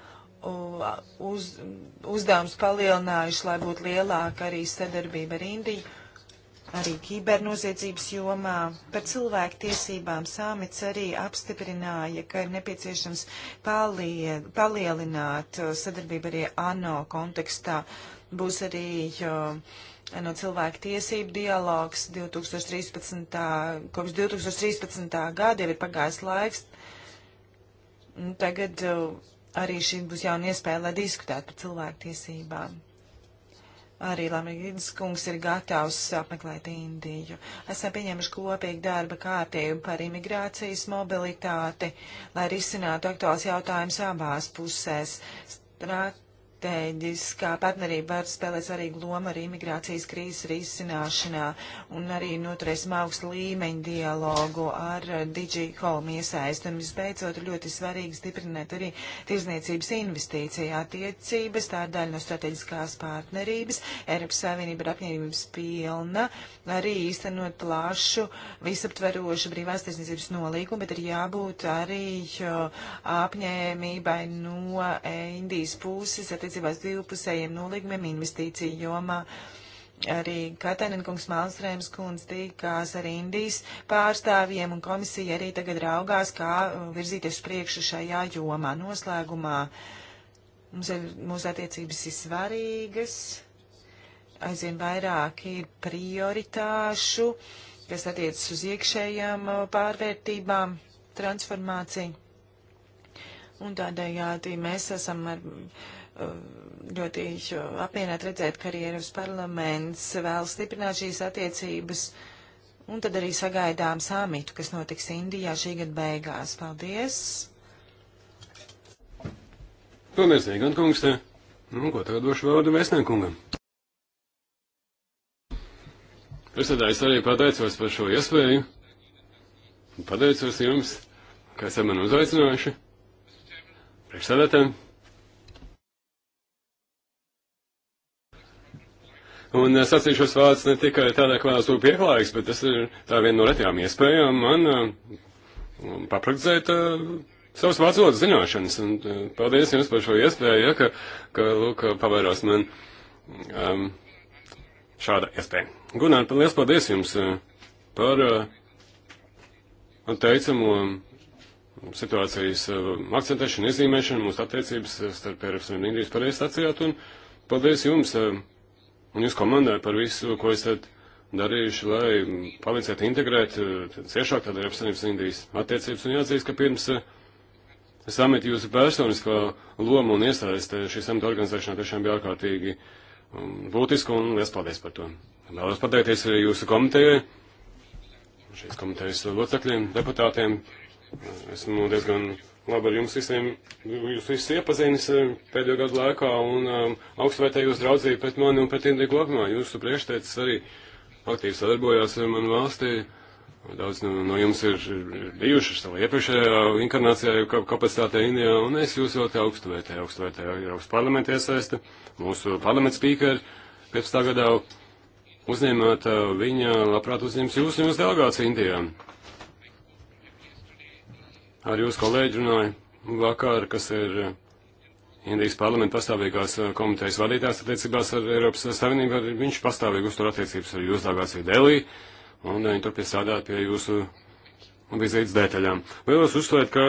uz, uzdevums palielinājuši, lai būtu lielāka arī sadarbība ar Indiju, arī kibernoziedzības jomā. Par cilvēku tiesībām samits arī apstiprināja, ka ir nepieciešams palie, palielināt uh, sadarbību arī ANO kontekstā. Būs arī uh, no cilvēku tiesību dialogs 2013. kopš 2013. gada jau ir pagājis laiks. Nu, tagad uh, arī šī būs jauna iespēja, lai diskutētu par cilvēku tiesībām. Arī Lamrīdis kungs ir gatavs apmeklēt Indiju. Esam pieņemuši kopīgu darba kārtību par imigrācijas mobilitāti, lai risinātu aktuāls jautājums abās pusēs. Strat strateģiskā partnerība var spēlēt svarīgu lomu arī imigrācijas krīzes risināšanā un arī noturēsim augstu līmeņu dialogu ar DG Home iesaistu. Un visbeidzot, ļoti svarīgi stiprināt arī tirzniecības investīcija attiecības, tā ir daļa no strateģiskās partnerības. Eiropas Savienība ir apņēmības pilna arī īstenot plašu, visaptverošu brīvās tirzniecības nolīgumu, bet ir jābūt arī apņēmībai no Indijas puses attiecībās divpusējiem nolīgumiem investīciju jomā. Arī Katainenkungs Malstrēms kundz tikās ar Indijas pārstāvjiem, un komisija arī tagad raugās, kā uh, virzīties priekšu šajā jomā. Noslēgumā mums ir, mūsu attiecības ir svarīgas, aizvien vairāk ir prioritāšu, kas attiecas uz iekšējām uh, pārvērtībām, transformāciju. Un tādējādi mēs esam ar Um, ļoti apvienot redzēt, ka arī Eiropas parlaments vēl stiprināt šīs attiecības. Un tad arī sagaidām samitu, kas notiks Indijā šī gada beigās. Paldies! Paldies, Nīgan kungs! Te. Nu, ko tagad došu vārdu vēstniekungam? Priekšsēdājs arī pateicos par šo iespēju. Pateicos jums, ka esat mani uzaicinājuši. Priekšsēdētājiem! Un sacīšos vārds ne tikai tādā, ka vēlas būt pieklājīgs, bet tas ir tā viena no retajām iespējām man uh, papraktizēt uh, savas vārdslodas zināšanas. Un uh, paldies jums par šo iespēju, ja, ka, ka lūk, pavērās man um, šāda iespēja. Gunār, liels paldies jums par uh, teicamo situācijas uh, akcentēšanu, izzīmēšanu, mūsu attiecības starp Eiropas un Indijas pareizi sacījāt, un paldies jums. Uh, Un jūs komandējat par visu, ko esat darījuši, lai palīdzētu integrēt eh, ciešāk tādā Eiropas Savienības Indijas attiecības. Un jāatzīst, ka pirms eh, samita jūsu personiskā loma un iesaiste šī samita organizēšanā tiešām bija ārkārtīgi um, būtiska un liels paldies par to. Vēlos pateikties arī eh, jūsu komitejai, šīs komitejas locekļiem, deputātiem. Esmu diezgan labi ar jums visiem, jūs visus iepazinis eh, pēdējo gadu laikā un um, augstu vērtēju jūs draudzību pret mani un pret Indiju kopumā. Jūsu priekšteicis arī aktīvi sadarbojās ar manu valsti. Daudz no, no jums ir, ir bijuši savā iepriekšējā inkarnācijā, jau kapacitātē Indijā, un es jūs ļoti augstu vērtēju, augstu vērtēju Eiropas parlamenta iesaisti, mūsu parlamenta spīkeri 15. gadā uzņēmāt, uh, viņa labprāt uzņems jūs un jūsu delegāciju Indijā ar jūsu kolēģi runāju vakar, kas ir eh, Indijas parlamenta pastāvīgās eh, komitejas vadītājs attiecībās ar Eiropas Savienību, ar viņš pastāvīgi uztur attiecības ar jūsu delegāciju Delī, un eh, viņi turpina strādāt pie jūsu vizītes detaļām. Vēlos uzsvērt, ka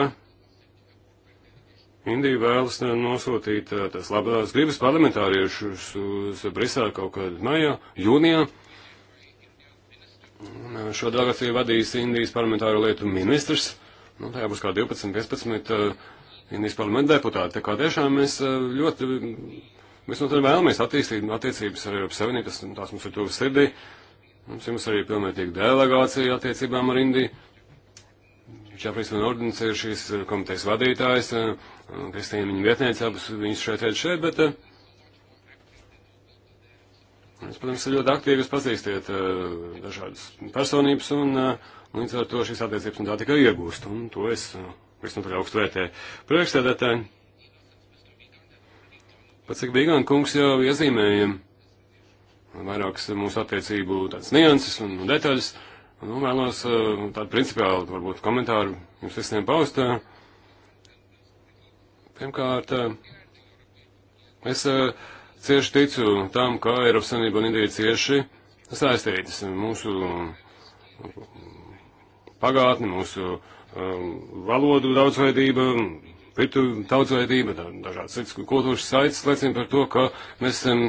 Indija vēlas nosūtīt tās labās gribas parlamentāriešus uz Briselu kaut kad maijā, jūnijā. Un šo delegāciju vadīs Indijas parlamentāro lietu ministrs. Nu, tajā būs kā 12, 15 uh, Indijas parlamenta deputāti. Tā kā tiešām mēs uh, ļoti, mēs no tad vēlamies attīstīt attiecības ar Eiropas Savienību, tas tās mums ir tuvas sirdī. Mums jums arī pilnvērtīga delegācija attiecībām ar Indiju. Čaprīs un Ordens ir šīs eh, komitejas vadītājs, uh, Kristīna viņa vietniece, abas viņas šeit redz šeit, bet. Uh, Jūs, protams, ļoti aktīvi pazīstiet uh, dažādas personības, un uh, Un nu, līdz ar to šīs attiecības un tā tikai iegūst, un to es uh, visnotaļ augstu vērtēju. Priekšstādātāji, pats cik Bīgāna kungs jau iezīmēja vairākas mūsu attiecību tādas nianses un detaļas, un nu, vēlos uh, tādu principiālu, varbūt, komentāru jums visiem paust. Uh, pirmkārt, es cieši ticu tam, ka Eiropas Savienība un Indija cieši saistītas. Mūsu pagātni, mūsu um, valodu daudzveidība, britu daudzveidība, dažādas citas kultūras saites liecina par to, ka mēs esam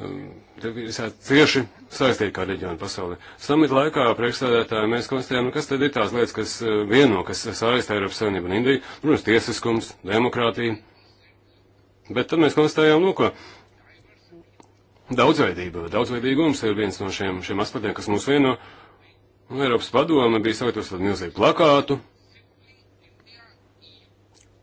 um, cieši saistīti kā reģionu pasaulē. Samita laikā priekšstādētāji mēs konstatējām, nu, kas tad ir tās lietas, kas uh, vieno, kas saista Eiropas Savienību un Indiju, protams, tiesiskums, demokrātija. Bet tad mēs konstatējām, nu, ka daudzveidība, daudzveidīgums ir viens no šiem, šiem aspektiem, kas mūs vieno. No Un nu, Eiropas padome bija sagatavus tādu milzīgu plakātu,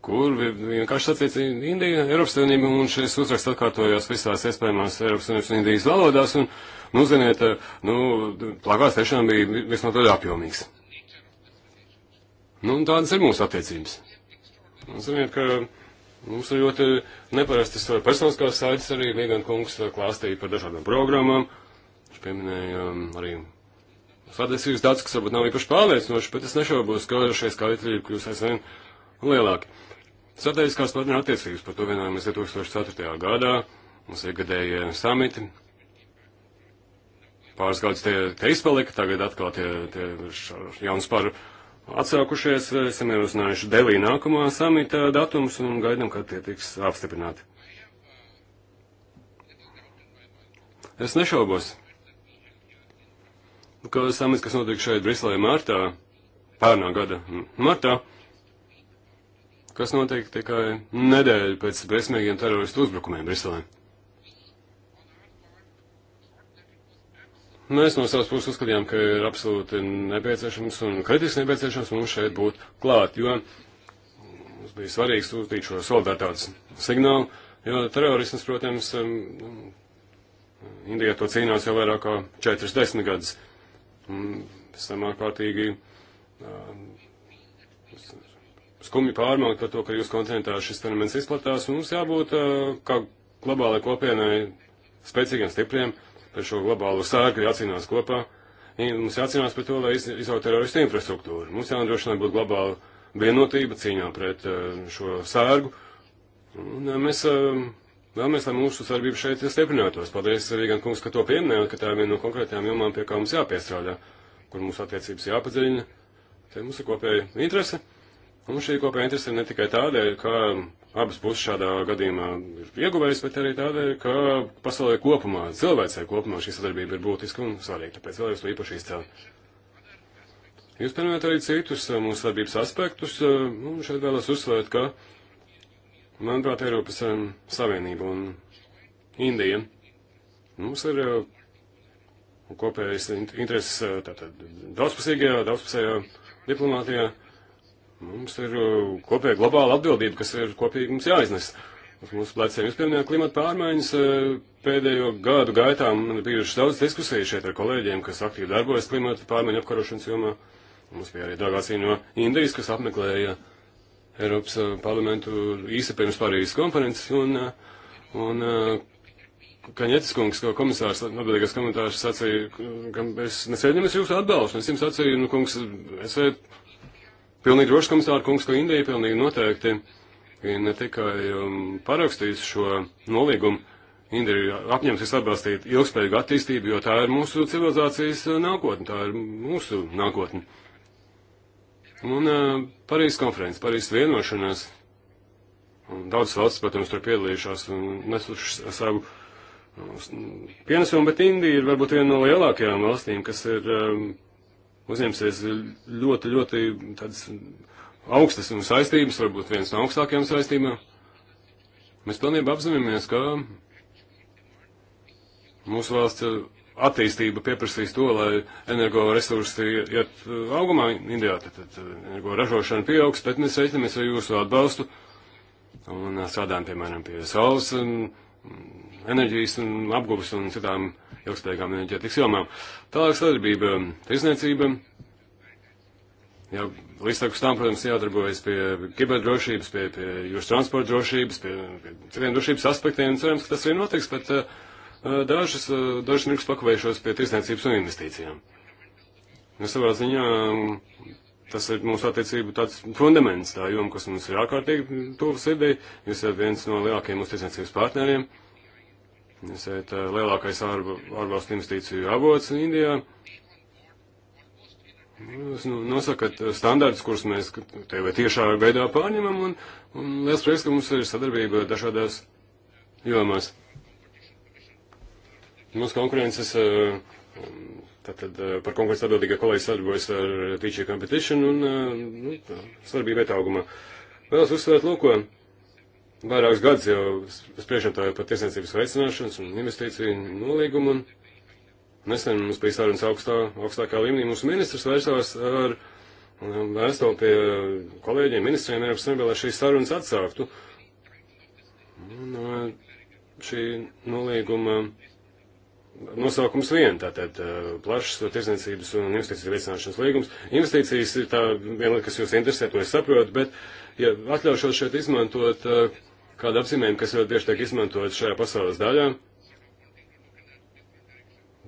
kur vienkārši sacīja Indija, Eiropas Savienība, un šis uzraksts atkārtojās visās iespējamās Eiropas Savienības un Indijas valodās, un, nu, ziniet, eh, nu, plakāts tiešām bija visnotaļ apjomīgs. Nu, un tādas ir mūsu attiecības. Un, ziniet, ka mums ir ļoti neparastas personiskās saites, arī Līgan kungs eh, klāstīja par dažādām programmām, viņš pieminēja um, arī sadarbības datus, kas varbūt nav īpaši pārliecinoši, bet es nešaubos, ka šie skaitļi kļūs aizvien lielāki. Sadarbības partneru attiecības par to vienojāmies 2004. gadā, mums ir gadēji samiti. Pāris gadus tie, tie izpalika, tagad atkal tie, tie jauns par atsākušies, esam ierosinājuši Delī nākamā samita datums un gaidām, kad tie tiks apstiprināti. Es nešaubos, Nu, ka samits, kas notiek šeit Briselē martā, pērnā gada martā, kas notiek tikai nedēļu pēc briesmīgiem teroristu uzbrukumiem Briselē. Mēs no savas puses uzskatījām, ka ir absolūti nepieciešams un kritiski nepieciešams mums šeit būt klāt, jo mums bija svarīgs sūtīt šo solidaritātes signālu, jo terorisms, protams, um, Indija to cīnās jau vairāk kā 40 gadus. Un esam ārkārtīgi um, skumji pārmaukt par to, ka jūs kontinentā šis fenomens izplatās, un mums jābūt uh, kā globālai kopienai spēcīgiem, stipriem, par šo globālo sērgu jācīnās kopā. Mums jācīnās par to, lai izaugt teroristu infrastruktūru. Mums jānodrošina būt globāla vienotība cīņā pret uh, šo sērgu. Un uh, mēs um, Vēlamies, lai mūsu sadarbība šeit stiprinātos. Paldies arī gan kungs, ka to pieminējāt, ka tā ir viena no konkrētajām jomām, pie kā mums jāpiestrādā, kur mūsu attiecības jāpadziļina. Te mums ir kopēja interese. Un šī kopēja interese ir ne tikai tādēļ, ka abas puses šādā gadījumā ir ieguvējis, bet arī tādēļ, ka pasaulē kopumā, cilvēcei kopumā šī sadarbība ir būtiska un svarīga, tāpēc vēlējos to īpaši izcelt. Jūs pieminējat arī citus eh, mūsu sadarbības aspektus, eh, un šeit vēlos uzsvērt, ka manuprāt, Eiropas um, Savienība un Indija. Nu, mums ir uh, kopējas intereses uh, tātad daudzpusīgajā, daudzpusējā diplomātijā. Mums ir uh, kopēja globāla atbildība, kas ir kopīgi mums jāiznes. Uz mūsu pleciem jūs pieminējāt klimata pārmaiņas. Pēdējo gadu gaitā man ir bijušas daudz diskusiju šeit ar kolēģiem, kas aktīvi darbojas klimata pārmaiņu apkarošanas jomā. Mums bija arī delegācija no Indijas, kas apmeklēja uh, Eiropas uh, parlamentu īsa pirms Parīzes konferences, un, uh, un uh, Kaņetis kungs, ko komisārs, atbildīgais komentārs sacīja, ka es nesēļņemies jūsu atbalstu, es jums sacīju, nu, kungs, es vēl pilnīgi droši komisāru kungs, ka Indija pilnīgi noteikti ir ne tikai um, parakstījis šo nolīgumu, Indija ir apņemsies atbalstīt ilgspējīgu attīstību, jo tā ir mūsu civilizācijas nākotne, tā ir mūsu nākotne. Un uh, Parīzes konferences, Parīzes vienošanās. Un daudzas valstis, protams, tur piedalījušās un nesušas savu eh, pienesumu, bet Indija ir varbūt viena no lielākajām valstīm, kas ir um, uzņemsies ļoti, ļoti tādas augstas un saistības, varbūt viens no augstākajām saistībām. Mēs pilnībā apzināmies, ka mūsu valsts attīstība pieprasīs to, lai energoresursi iet eh, augumā Indijā, tad, tad energo ražošana pieaugs, bet mēs reiķinamies ar jūsu atbalstu un eh, strādājam, piemēram, pie saules un um, enerģijas un apgūves un citām ilgspējīgām enerģētikas jomām. Tālāk sadarbība, um, tirsniecība. Jā, līdztekus tam, protams, jādarbojas pie kiberdrošības, pie, pie jūras transporta drošības, pie, pie citiem drošības aspektiem. Cerams, ka tas arī notiks, bet uh, Eh, dažas, eh, dažas mirks pakavējušos pie tirsniecības un investīcijām. Nu, savā ziņā mm, tas ir mūsu attiecību tāds fundaments, tā joma, kas mums ir ārkārtīgi tuvu sirdī. Jūs esat viens no lielākajiem mūsu tirsniecības partneriem. Jūs esat eh, lielākais ārvalstu investīciju avots Indijā. Jūs nu, nosakat standartus, kurus mēs tev tiešā veidā pārņemam, un, un liels prieks, ka mums ir sadarbība dažādās jomās. Mūsu konkurences, eh, tātad eh, par konkurences atbildīgā kolēģis sadarbojas ar Teacher Competition un eh, nu, sadarbība iet augumā. Vēlos uzsvērt, lūk, vairākus gadus jau spriežam tā par tiesniecības veicināšanas un investīciju nolīgumu. Nesen mums bija sarunas augstā, augstākā līmenī. Mūsu ministrs vērsās ar um, vēstuli pie uh, kolēģiem, ministriem Eiropas Savienībā, lai šīs sarunas atsāktu. Un, uh, šī nolīguma nosaukums vien, tātad plašs tirsniecības un investīciju veicināšanas līgums. Investīcijas ir tā viena, kas jūs interesē, to es saprotu, bet, ja atļaušos šeit izmantot kādu apzīmējumu, kas ļoti bieži tiek izmantot šajā pasaules daļā,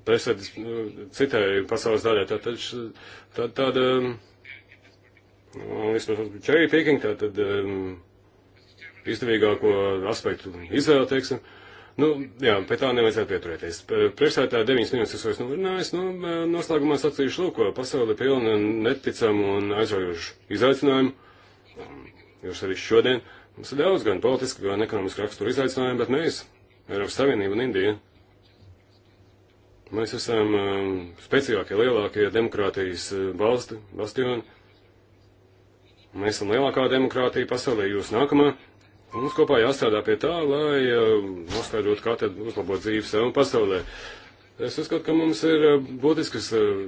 tā es citēju pasaules daļā, tātad tā, tāda, vismaz cherry picking, tātad izdevīgāko aspektu izvēle, teiksim. Nu, jā, pie tā nevajadzētu pieturēties. Priekšsētā 9 minūtes es vairs novirinājos, nu, nu, nu, noslēgumā sacīšu, lūk, pasauli pilna neticamu un aizraujošu izaicinājumu. Jūs arī šodien. Mums ir daudz gan politiski, gan ekonomiski raksturu izaicinājumu, bet mēs, Eiropas Savienība un Indija, mēs esam um, spēcīgākie, lielākie demokrātijas uh, balsti, bastioni. Mēs esam lielākā demokrātija pasaulē, jūs nākamā. Mums kopā jāstrādā pie tā, lai um, noskaidrotu, kā tad uzlabot dzīvi sev un pasaulē. Es uzskatu, ka mums ir uh, būtiskas uh,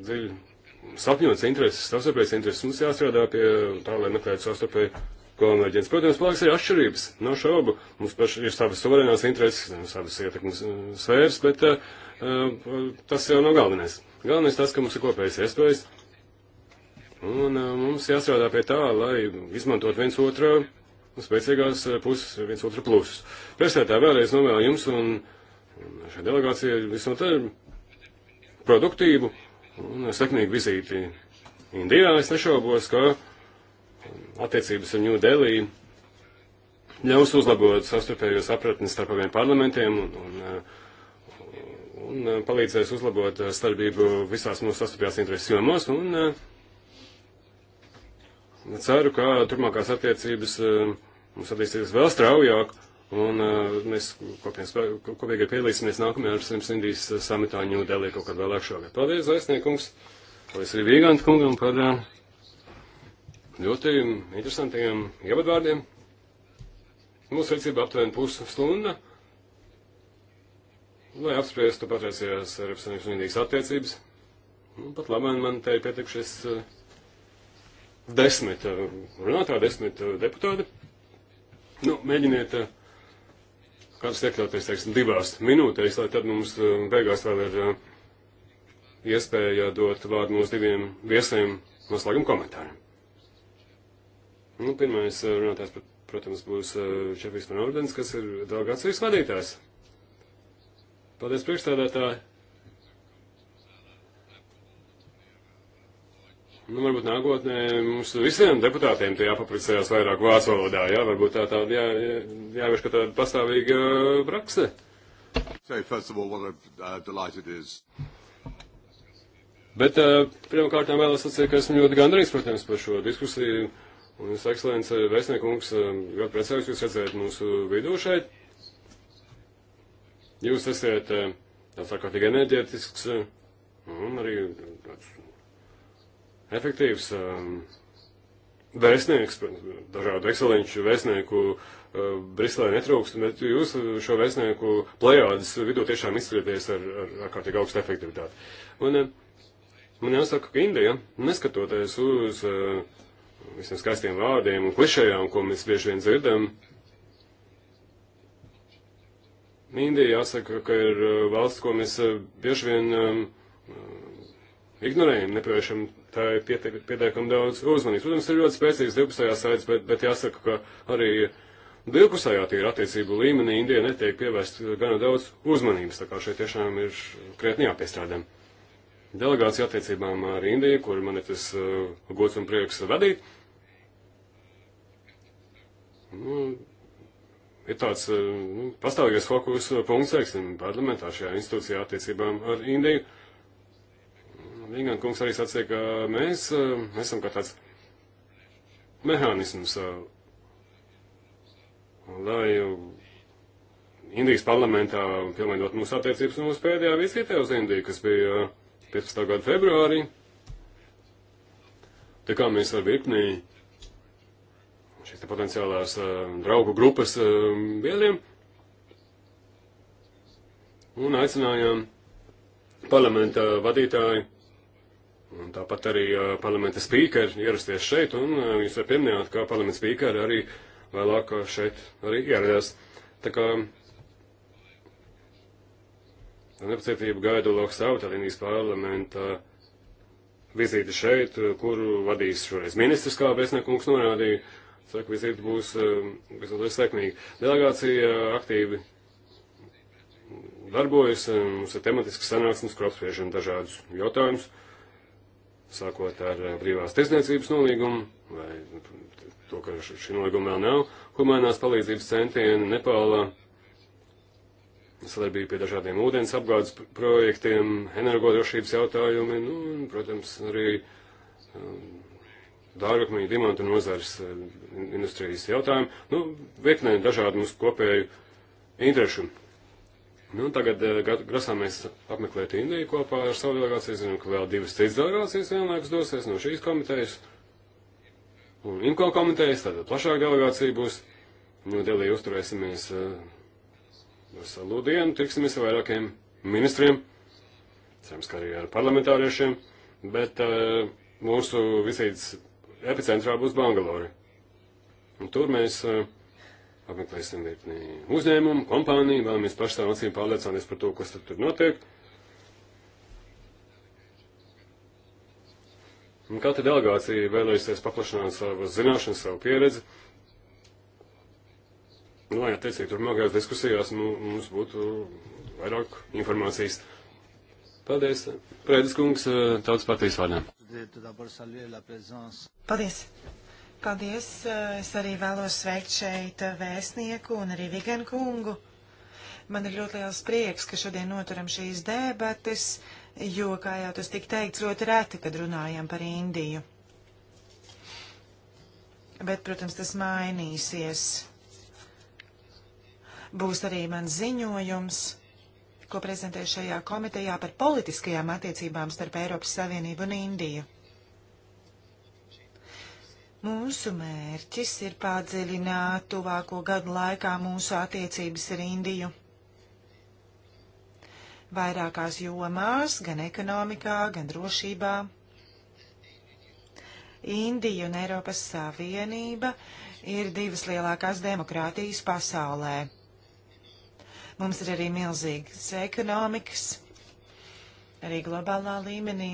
dziļi sapņots intereses, savstarpējas intereses. Mums jāstrādā pie uh, tā, lai meklētu savstarpēju konverģents. Protams, plāks ir atšķirības, nav no šaubu. Mums paši ir savas suverēnās intereses, savas ietekmes sfēras, bet uh, tas jau nav galvenais. Galvenais tas, ka mums ir kopējas iespējas. Un uh, mums jāstrādā pie tā, lai izmantot viens otru spēcīgās eh, puses, eh, viens otru plusus. Priekšstādā vēlreiz novēlu jums un šai delegācijai visu no te produktīvu un sekmīgu vizīti Indijā. Es nešaubos, ka attiecības ar New Delhi ļaus uzlabot sastarpējo sapratni starp abiem parlamentiem un, un, eh, un palīdzēs uzlabot starpību visās mūsu sastarpējās intereses jomās. Un, ceru, ka turpmākās attiecības uh, mums attīstīsies vēl straujāk, un uh, mēs kopīgi piedalīsimies nākamajā ar Srims Indijas uh, samitā Ņūdelī kaut kad vēlāk šogad. Paldies, Zaisniekums! Paldies arī Vīganta kungam par uh, ļoti interesantiem ievadvārdiem. Mūsu rīcība aptuveni pusstunda, lai apspriestu patreizējās Eiropas Savienības un Indijas attiecības. Un pat labi, man te ir pietiekušies uh, desmit uh, runātāji, desmit uh, deputāti. Nu, mēģiniet eh, kāds iekļauties, teiksim, divās minūtēs, lai tad mums eh, beigās vēl ir eh, iespēja dot vārdu mūsu diviem viesiem noslēguma komentāriem. Nu, pirmais runātājs, protams, būs Čefijs Van Ordens, kas ir delegācijas vadītājs. Paldies, priekšstādātāji! Nu, varbūt nākotnē mums visiem deputātiem te jāpapricējās vairāk vācu valodā, jā, varbūt tā tāda jā, jāvieš, ka tāda pastāvīga uh, prakse. So, first of all, what I'm uh, delighted is. Bet uh, pirmkārt vēlos sacīt, ka esmu ļoti gandrīz, protams, par šo diskusiju. Un es, ekscelence, uh, vēstniekungs, um, ļoti priecājos jūs redzēt mūsu vidū šeit. Jūs esat uh, tāds ārkārtīgi enerģētisks un arī tāds efektīvs um, vēstnieks, dažādu ekscelenču vēstnieku uh, Briselē netrūkst, bet jūs šo vēstnieku plējādes vidū tiešām izskaties ar, ar, ar kārtīgi augstu efektivitāti. Un uh, man jāsaka, ka Indija, neskatoties uz uh, visiem skaistiem vārdiem un klišējām, ko mēs bieži vien dzirdam, Indija jāsaka, ka ir uh, valsts, ko mēs uh, bieži vien um, ignorējam, nepievēršam tā ir pietiekami daudz uzmanības. Protams, ir ļoti spēcīgs divpusējā saites, bet, bet jāsaka, ka arī divpusējā tīra attiecību līmenī Indija netiek pievērst gana daudz uzmanības, tā kā šeit tiešām ir krietni jāpiestrādā. Delegācija attiecībām ar Indiju, kur man ir tas uh, gods un prieks vadīt. Nu, ir tāds uh, nu, pastāvīgais fokus punkts, teiksim, parlamentā šajā institūcijā attiecībām ar Indiju. Vingan kungs arī sacīja, ka mēs eh, esam kā tāds mehānisms, eh, lai Indijas parlamentā pilnveidot mūsu attiecības un mūsu pēdējā vizītē uz Indiju, kas bija 15. Eh, gada februārī. Tā kā mēs ar virkni šīs potenciālās uh, draugu grupas uh, biedriem un aicinājām parlamenta vadītāju Un tāpat arī uh, parlamenta spīkeri ierasties šeit, un uh, jūs jau pieminējāt, ka parlamenta spīkeri arī vēlāk šeit arī ieradās. Tā kā nepacietību gaidu Lokstauta līnijas parlamenta vizīti šeit, kuru vadīs šoreiz ministrs, kā Besnekungs norādīja. Saku, vizīti būs visnotaļ sekmīgi. Delegācija aktīvi darbojas, mums ir tematiskas sanāksmes, kur apspriežam dažādus jautājumus sākot ar eh, brīvās tiesniecības nolīgumu, vai nu, to, ka šī nolīguma vēl nav, humanās palīdzības centieni Nepālā, sadarbība pie dažādiem ūdens apgādes projektiem, energodrošības jautājumi, nu, un, protams, arī um, dārgakmeņa dimanta nozars eh, industrijas jautājumi, nu, veiknē dažādu mūsu kopēju interešu Nu, tagad eh, grasāmies apmeklēt Indiju kopā ar savu delegāciju. Zinām, ka vēl divas citas delegācijas vienlaikus dosies no šīs komitejas. Un IMCO komitejas, tātad plašāka delegācija būs. Nu, Delī uzturēsimies eh, uz Lūdienu, tiksimies ar vairākiem ministriem, cerams, ka arī ar parlamentāriešiem, bet uh, mūsu visīts epicentrā būs Bangalore. Un tur mēs uh, apmeklēsim virkni uzņēmumu, kompāniju, vēlamies pašstāv acīm pārliecināties par to, kas tur notiek. Un katra delegācija vēlējusies paplašināt savu zināšanu, savu pieredzi. Nu, lai attiecīgi turpmākajās diskusijās nu, mums būtu vairāk informācijas. Paldies, Prēdis kungs, eh, tautas partijas vārdā. Paldies. Paldies! Es arī vēlos sveikt šeit vēstnieku un arī Viganu kungu. Man ir ļoti liels prieks, ka šodien noturam šīs debates, jo, kā jau tas tika teikts, ļoti reti, kad runājam par Indiju. Bet, protams, tas mainīsies. Būs arī mans ziņojums ko prezentēju šajā komitejā par politiskajām attiecībām starp Eiropas Savienību un Indiju. Mūsu mērķis ir padziļināt tuvāko gadu laikā mūsu attiecības ar Indiju. Vairākās jomās, gan ekonomikā, gan drošībā. Indija un Eiropas Savienība ir divas lielākās demokrātijas pasaulē. Mums ir arī milzīgas ekonomikas, arī globālā līmenī.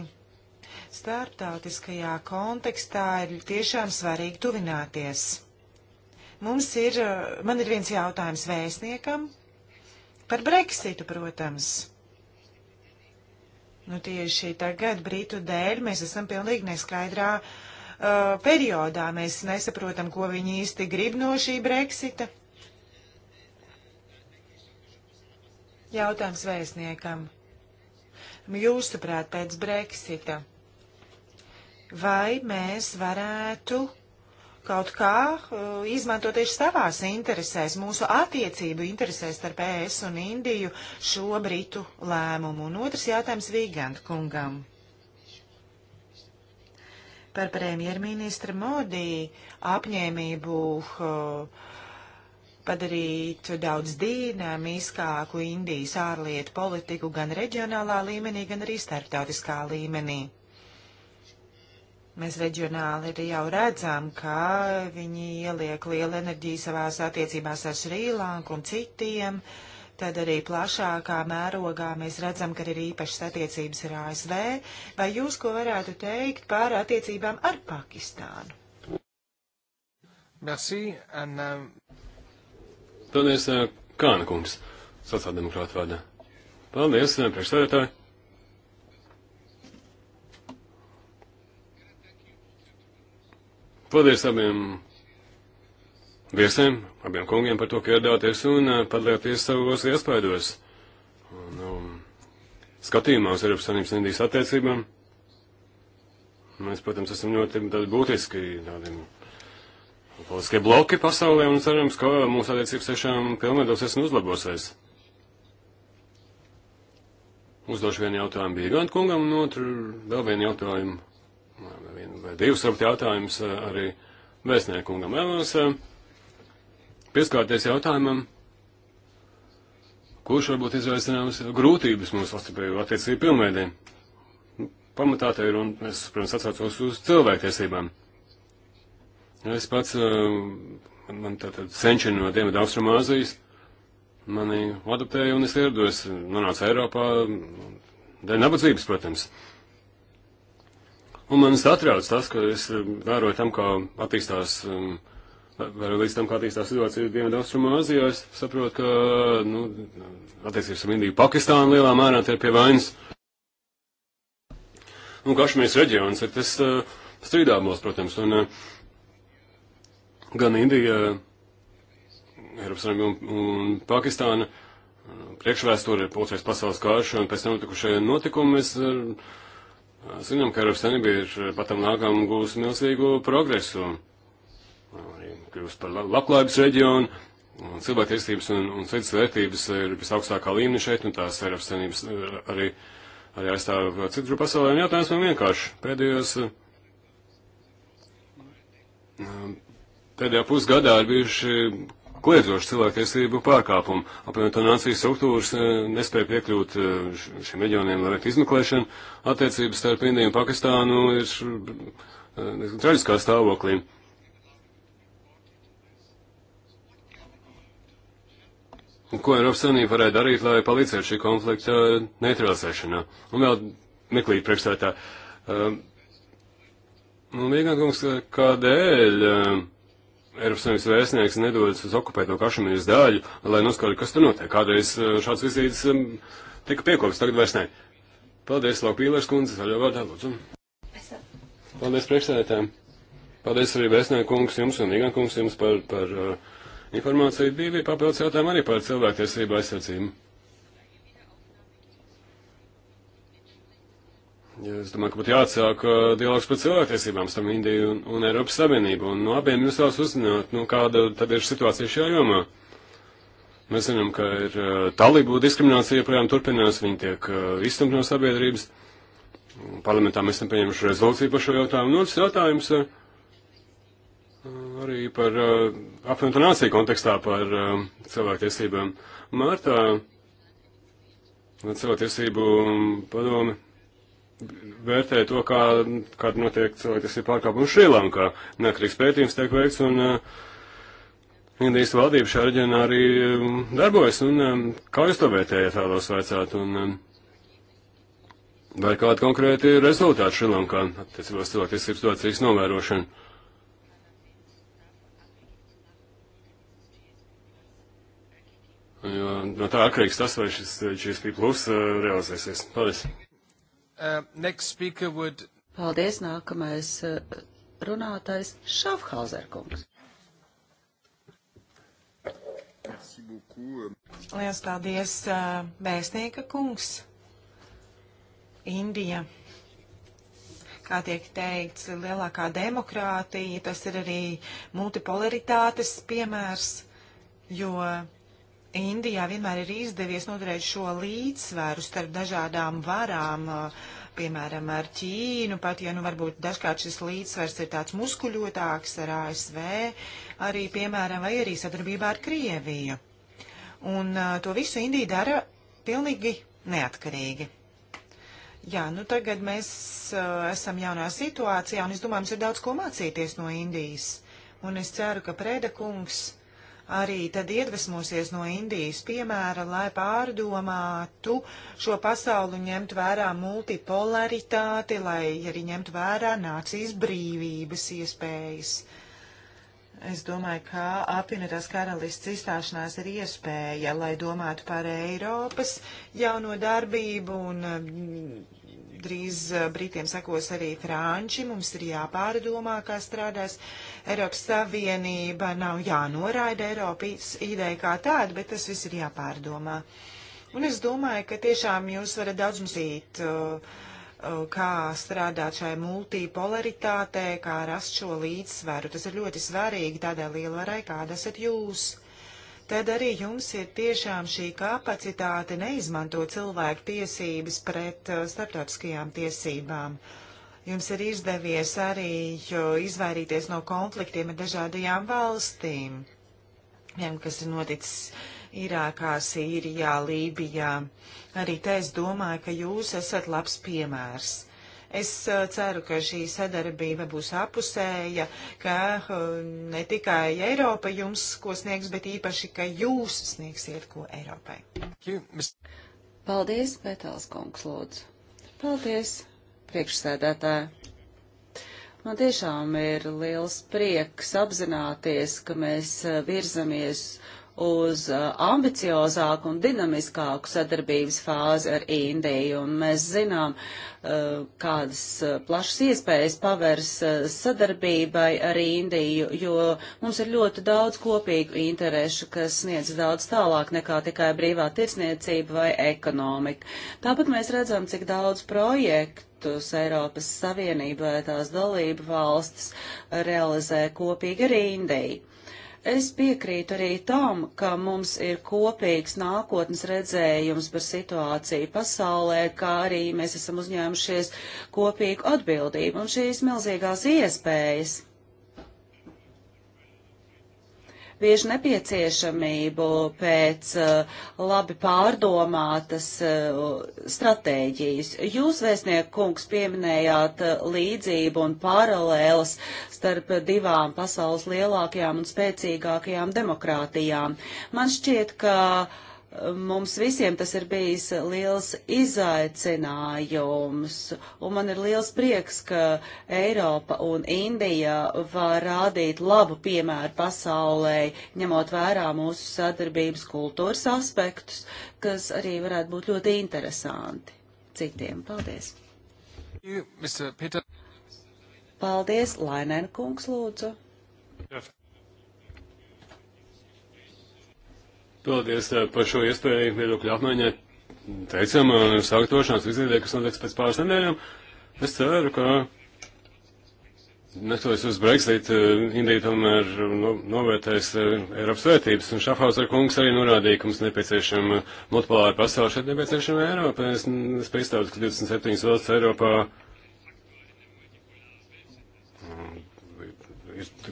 Startautiskajā kontekstā ir tiešām svarīgi tuvināties. Mums ir, eh, man ir viens jautājums vēstniekam par Brexitu, protams. Nu, tieši tagad, Britu dēļ, mēs esam pilnīgi neskaidrā uh, periodā. Mēs nesaprotam, ko viņi īsti grib no šī Brexita. Jautājums vēstniekam. Jūsuprāt, pēc Brexita vai mēs varētu kaut kā uh, izmantot tieši savās interesēs, mūsu attiecību interesēs starp ES un Indiju šo britu lēmumu. Un otrs jautājums Vīgant kungam. Par premjerministra Modī apņēmību uh, padarīt daudz dīnamiskāku Indijas ārlietu politiku gan reģionālā līmenī, gan arī starptautiskā līmenī. Mēs reģionāli arī jau redzam, ka viņi ieliek lielu enerģiju savās attiecībās ar Šrīlanku un citiem. Tad arī plašākā mērogā mēs redzam, ka ir īpašas attiecības ar ASV. Vai jūs ko varētu teikt par attiecībām ar Pakistānu? Merci, and, um... Paldies, uh, Kāna kungs, sociāldemokrāta vārdā. Paldies, uh, priekšstādātāji. Paldies abiem viesiem, abiem kungiem par to, ka ieradāties un eh, padalījāties savos iespaidos. Un, un um, skatījumā uz Eiropas Savienības un Indijas attiecībām. Mēs, protams, esam ļoti tādi būtiski tādi politiskie bloki pasaulē un cerams, ka mūsu attiecības tiešām pilnveidosies un uzlabosies. Uzdošu vienu jautājumu bija gan kungam un otru vēl vienu jautājumu vai divus varbūt jautājumus eh, arī vēstniekungam. Vēlos eh, pieskārties jautājumam, kurš varbūt izraisināms grūtības mūsu sastarpējo attiecību pilnveidē. Pamatā te ir, un es, protams, atsaucos uz cilvēktiesībām. Es pats, eh, man tātad senčini no Dienvidu Austrumāzijas, mani adaptēja un es ierados, nonācu Eiropā, dēļ nabadzības, protams. Uh, Un man satrauc tas, ka es um, vēroju tam, kā attīstās, um, vēroju līdz tam, kā attīstās situācija Dienvidaustrumā Azijā, es saprotu, ka, nu, attiecības ar Indiju Pakistānu lielā mērā tie ir pie vainas. Un Kašmīras reģions ir tas uh, strīdāmos, protams, un uh, gan Indija, Eiropas Savienība un, un Pakistāna uh, priekšvēsture ir pulcēs pasaules kārš, un pēc tam notikušajiem notikumiem es Zinām, ka Eiropas Savienība ir patam nākam gūs milzīgu progresu. Arī kļūst par labklājības reģionu, un cilvēktiesības un, un citas vērtības ir visaugstākā līmenī šeit, un tās Eiropas Savienības eh, arī, arī aizstāv citur pasaulē. Un jautājums man vienkārši. Pēdējos, eh, pēdējā pusgadā ir bijuši kliedzošu cilvēktiesību pārkāpumu. Apvienotā nācija struktūras eh, nespēja piekļūt eh, šiem reģioniem, lai veiktu izmeklēšanu. Attiecības starp Indiju un Pakistānu ir eh, traģiskā stāvoklī. Ko Eiropas Savienība varētu darīt, lai palīdzētu šī konflikta neutralizēšanā? Un vēl meklīt priekšstādā. Uh, nu, vienkārši, kādēļ uh, Eiropas Savienības vēstnieks nedodas uz okupēto Kašmīras daļu, lai noskaidrotu, kas tur notiek. Kādreiz eh, šāds vizītes um, tika piekopts, tagad vairs ne. Paldies, Laupīlērs kundze, zaļo vārdā, lūdzu. Paldies priekšsēdētājiem. Paldies arī vēstnieku kungs jums un Igan kungs jums par, par uh, informāciju. Bija papildus jautājumi arī par cilvēktiesību aizsardzību. Es domāju, ka būtu jāatsāk uh, dialogs par cilvēktiesībām starp Indiju un, un Eiropas Savienību. Un no abiem jūs vēlas uzzināt, nu, kāda tad ir situācija šajā jomā. Mēs zinām, ka ir uh, talību diskriminācija joprojām turpinās, viņi tiek uh, izstumti no sabiedrības. Parlamentā mēs esam pieņemuši rezolūciju par šo jautājumu. Un otrs jautājums arī par apvienotu nāciju kontekstā par cilvēktiesībām. Mārtā cilvēktiesību padomi vērtē to, kā, kāda notiek cilvēktiesība pārkāpuma Šrilankā. Nekrīgs pētījums tiek veikts, un uh, Indijas valdība šā reģionā arī um, darbojas, un um, kā jūs to vērtējat, vēlos vaicāt, un um, vai kādi konkrēti rezultāti Šrilankā attiecībā uz cilvēktiesību situācijas novērošanu? Jo no tā atkarīgs tas, vai šis GSP plus uh, realizēsies. Paldies! Uh, would... Paldies, nākamais uh, runātais Šafhauser kungs. Um, Lielas paldies, uh, vēstnieka kungs. Indija kā tiek teikts, lielākā demokrātija, tas ir arī multipolaritātes piemērs, jo Indijā vienmēr ir izdevies noturēt šo līdzsvaru starp dažādām varām, piemēram, ar Ķīnu, pat ja nu varbūt dažkārt šis līdzsvars ir tāds muskuļotāks ar ASV, arī, piemēram, vai arī sadarbībā ar Krieviju. Un to visu Indija dara pilnīgi neatkarīgi. Jā, nu tagad mēs uh, esam jaunā situācijā, un es domāju, mums ir daudz ko mācīties no Indijas. Un es ceru, ka Prēda kungs arī tad iedvesmosies no Indijas piemēra, lai pārdomātu šo pasauli, ņemtu vērā multipolaritāti, lai arī ņemtu vērā nācijas brīvības iespējas. Es domāju, ka apvienotās karalists izstāšanās ir iespēja, lai domātu par Eiropas jauno darbību un drīz eh, Britiem sekos arī Franči. Mums ir jāpārdomā, kā strādās Eiropas Savienība. Nav jānoraida Eiropas ideja kā tāda, bet tas viss ir jāpārdomā. Un es domāju, ka tiešām jūs varat daudz mazīt, eh, eh, kā strādāt šai multipolaritātē, kā rast šo līdzsvaru. Tas ir ļoti svarīgi tādai lielvarai, kāda esat jūs tad arī jums ir tiešām šī kapacitāte neizmanto cilvēku tiesības pret uh, starptautiskajām tiesībām. Jums ir izdevies arī izvairīties no konfliktiem ar dažādajām valstīm, Vien, kas ir noticis Irākā, Sīrijā, Lībijā. Arī te es domāju, ka jūs esat labs piemērs. Es uh, ceru, ka šī sadarbība būs apusēja, ka uh, ne tikai Eiropa jums ko sniegs, bet īpaši, ka jūs sniegsiet ko Eiropai. Paldies, Metāls kungs, lūdzu. Paldies, priekšsēdētāji. Man tiešām ir liels prieks apzināties, ka mēs uh, virzamies uz uh, ambiciozāku un dinamiskāku sadarbības fāzi ar Indiju, un mēs zinām, uh, kādas uh, plašas iespējas pavērs sadarbībai ar Indiju, jo mums ir ļoti daudz kopīgu interešu, kas sniedz daudz tālāk nekā tikai brīvā tirsniecība vai ekonomika. Tāpat mēs redzam, cik daudz projektu projektus Eiropas Savienībai tās dalību valstis realizē kopīgi ar Indiju. Es piekrītu arī tam, ka mums ir kopīgs nākotnes redzējums par situāciju pasaulē, kā arī mēs esam uzņēmušies kopīgu atbildību un šīs milzīgās iespējas bieži nepieciešamību pēc uh, labi pārdomātas uh, stratēģijas. Jūs, vēstnieku kungs, pieminējāt uh, līdzību un paralēlas starp divām pasaules lielākajām un spēcīgākajām demokrātijām. Man šķiet, ka uh, mums visiem tas ir bijis liels izaicinājums, un man ir liels prieks, ka Eiropa un Indija var rādīt labu piemēru pasaulē, ņemot vērā mūsu sadarbības kultūras aspektus, kas arī varētu būt ļoti interesanti citiem. Paldies! You, Paldies, Lainēn kungs, lūdzu! Yes. Paldies eh, par šo iespēju viedokļu apmaiņai. Teicam, eh, sagatavošanās vizītē, kas notiks pēc pāris nedēļām. Es ceru, ka neskatoties uz Brexit, eh, Indija tomēr no, novērtēs Eiropas vērtības. Un Šafhauser kungs arī norādīja, ka mums nepieciešama multipolāra pasaule, šeit nepieciešama Eiropa. Es, es piekstāvu, ka 27 valsts Eiropā. Uh,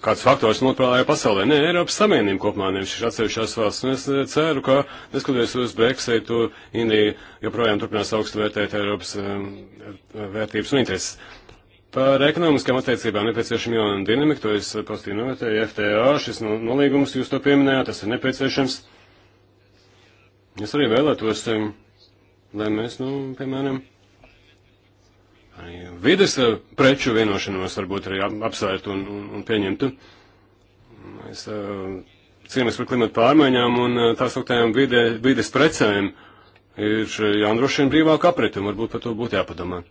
kāds faktors nopelnīja pasaulē. Nē, Eiropas Savienība kopumā nevis atsevišķās valsts. Un es eh, ceru, ka, neskatoties uz Brexitu, Indija joprojām turpinās augstu vērtēt Eiropas um, vērtības un intereses. Par ekonomiskām attiecībām nepieciešama jauna dinamika, to es pozitīvi novērtēju. FTA, šis nolīgums, jūs to pieminējāt, tas ir nepieciešams. Es arī vēlētos, ehm, lai mēs, nu, piemēram, arī vides eh, preču vienošanos varbūt arī apsvērt un, un, un pieņemt. Mēs eh, cīnāmies par klimatu pārmaiņām un eh, tā sauktējām vide, vides precēm ir jānodrošina brīvāk aprit, un varbūt par to būtu jāpadomā.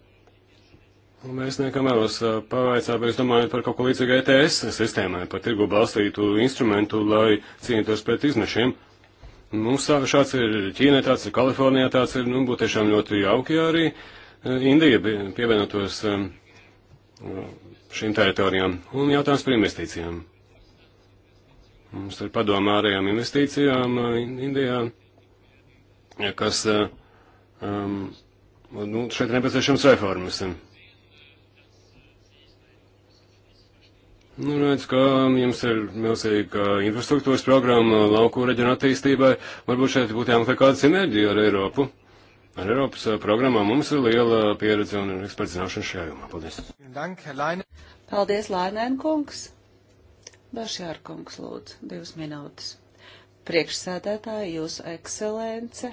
Un mēs niekam vēlos pavaicāt, vai es domāju par kaut ko līdzīgu ETS sistēmai, par tirgu balstītu instrumentu, lai cīnītos pret izmešiem. Mums šāds ir Ķīnē, tāds ir Kalifornijā, tāds ir, nu, būtu tiešām ļoti jauki arī. Uh, Indija pievienotos um, šīm teritorijām. Un jautājums par investīcijām. Mums ir padomā ārējām investīcijām uh, Indijā, kas uh, um, nu, šeit nepieciešams reformas. Nu, redz, ka jums ir milzīga infrastruktūras programma lauku reģionu attīstībai. Varbūt šeit būtu jāmeklē kāda sinerģija ar Eiropu. Ar Eiropas eh, programmā mums ir liela pieredze un eksperta zināšana šajā jomā. Paldies. Paldies, Lainēn kungs. Bašjār kungs, lūdzu, divas minūtes. Priekšsēdētāji, jūsu ekscelence.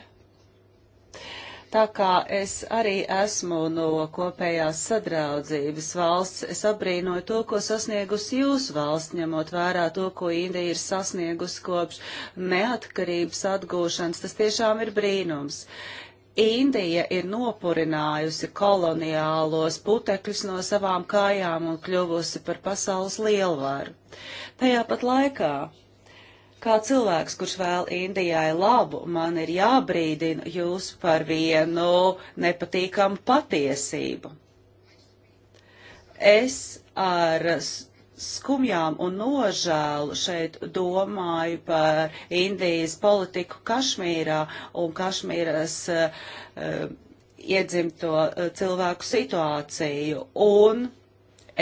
Tā kā es arī esmu no kopējās sadraudzības valsts, es apbrīnoju to, ko sasniegusi jūsu valsts, ņemot vērā to, ko Indija ir sasniegusi kopš neatkarības atgūšanas. Tas tiešām ir brīnums. Uh, Indija ir nopurinājusi koloniālos putekļus no savām kājām un kļuvusi par pasaules lielvaru. Tajā pat laikā, kā cilvēks, kurš vēl Indijai labu, man ir jābrīdina jūs par vienu nepatīkamu patiesību. Es ar skumjām un nožēlu šeit domāju par Indijas politiku Kašmīrā un Kašmīras uh, iedzimto eh, cilvēku situāciju. Un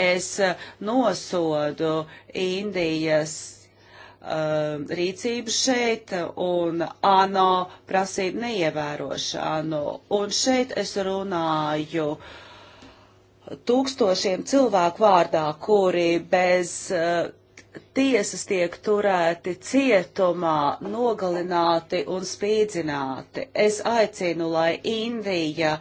es eh, nosodu Indijas uh, rīcību šeit un ANO prasību neievērošanu. Un šeit es runāju uh, tūkstošiem cilvēku vārdā, kuri bez uh, tiesas tiek turēti cietumā, nogalināti un spīdzināti. Es aicinu, lai Indija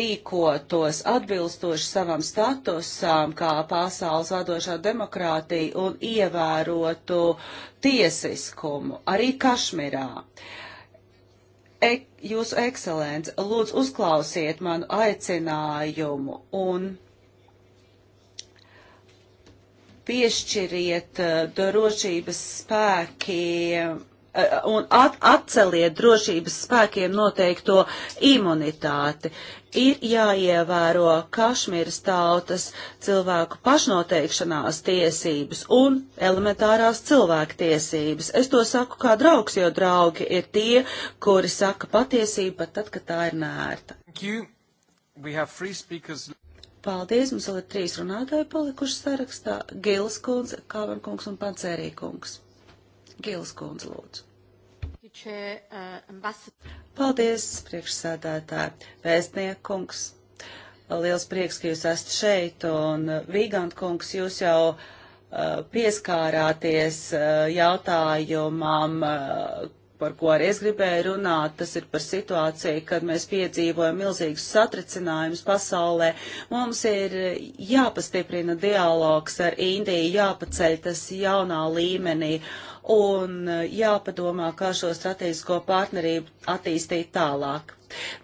rīkotos atbilstoši savam statusām kā pasaules vadošā demokrātija un ievērotu tiesiskumu arī Kašmirā. Uh, ek, jūsu ekscelence, lūdzu uzklausiet manu aicinājumu un piešķiriet eh, drošības spēkiem Eh, un at, atceliet drošības spēkiem noteikto imunitāti. Ir jāievēro Kašmīras tautas cilvēku pašnoteikšanās tiesības un elementārās cilvēku tiesības. Es to saku kā draugs, jo draugi ir tie, kuri saka patiesību pat tad, kad tā ir nērta. Paldies, mums vēl ir trīs runātāji palikuši sarakstā - Gils kundze, Kāvan kungs un Pancerī kungs. Gils kundze, lūdzu. Uh, Paldies, priekšsēdētāji, vēstniekungs. Liels prieks, ka jūs esat šeit, un uh, Vīgantkungs, jūs jau uh, pieskārāties uh, jautājumam, uh, par ko arī es gribēju runāt, tas ir par situāciju, kad mēs piedzīvojam milzīgus satricinājumus pasaulē. Mums ir jāpastiprina dialogs ar Indiju, jāpaceļ tas jaunā līmenī un eh, jāpadomā, kā šo strateģisko partnerību attīstīt tālāk.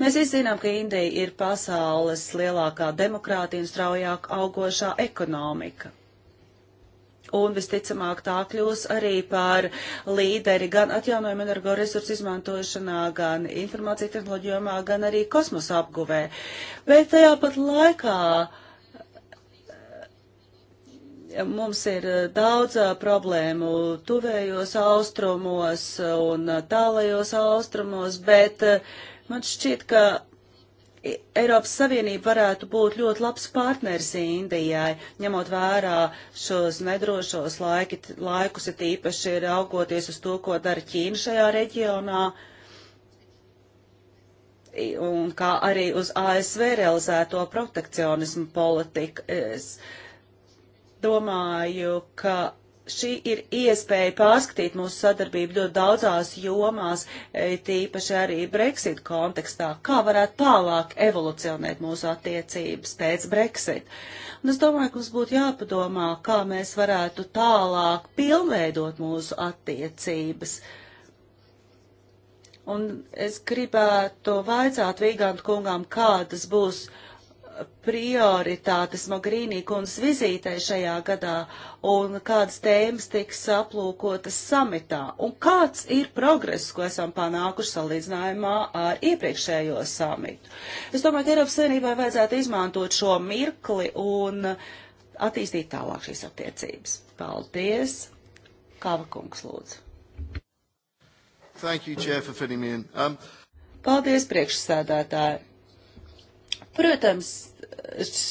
Mēs visi zinām, ka Indija ir pasaules lielākā demokrātija un straujāk augošā ekonomika. Un visticamāk tā kļūs arī par līderi gan atjaunojumu energoresursu izmantošanā, gan informācija tehnoloģijumā, gan arī kosmosa apguvē. Bet tajā pat laikā uh, Mums ir eh, daudz eh, problēmu tuvējos austrumos un eh, tālajos austrumos, bet man šķiet, ka Eiropas Savienība varētu būt ļoti labs partners Indijai, ņemot vērā šos nedrošos laiki, laikus, ir tīpaši raugoties uz to, ko dara Ķīna šajā reģionā, un kā arī uz ASV realizēto protekcionismu politiku. Es, uh, domāju, ka šī ir iespēja pārskatīt mūsu sadarbību ļoti daudzās jomās, e, tīpaši arī Brexit kontekstā, kā varētu tālāk evolucionēt mūsu attiecības pēc Brexit. Un es domāju, ka mums būtu jāpadomā, kā mēs varētu tālāk pilnveidot mūsu attiecības. Un es gribētu vaicāt Vīgantu kungām, kādas būs uh, prioritātes Mogrīnī kundas vizītei šajā gadā un kādas tēmas tiks aplūkotas samitā un kāds ir progress, ko esam panākuši salīdzinājumā ar iepriekšējo samitu. Es domāju, ka Eiropas Savienībai vajadzētu izmantot šo mirkli un attīstīt tālāk šīs attiecības. Paldies! Kava kungs lūdzu. Thank you, Chair, for fitting me in. Um... Paldies, priekšsēdētāji! Protams,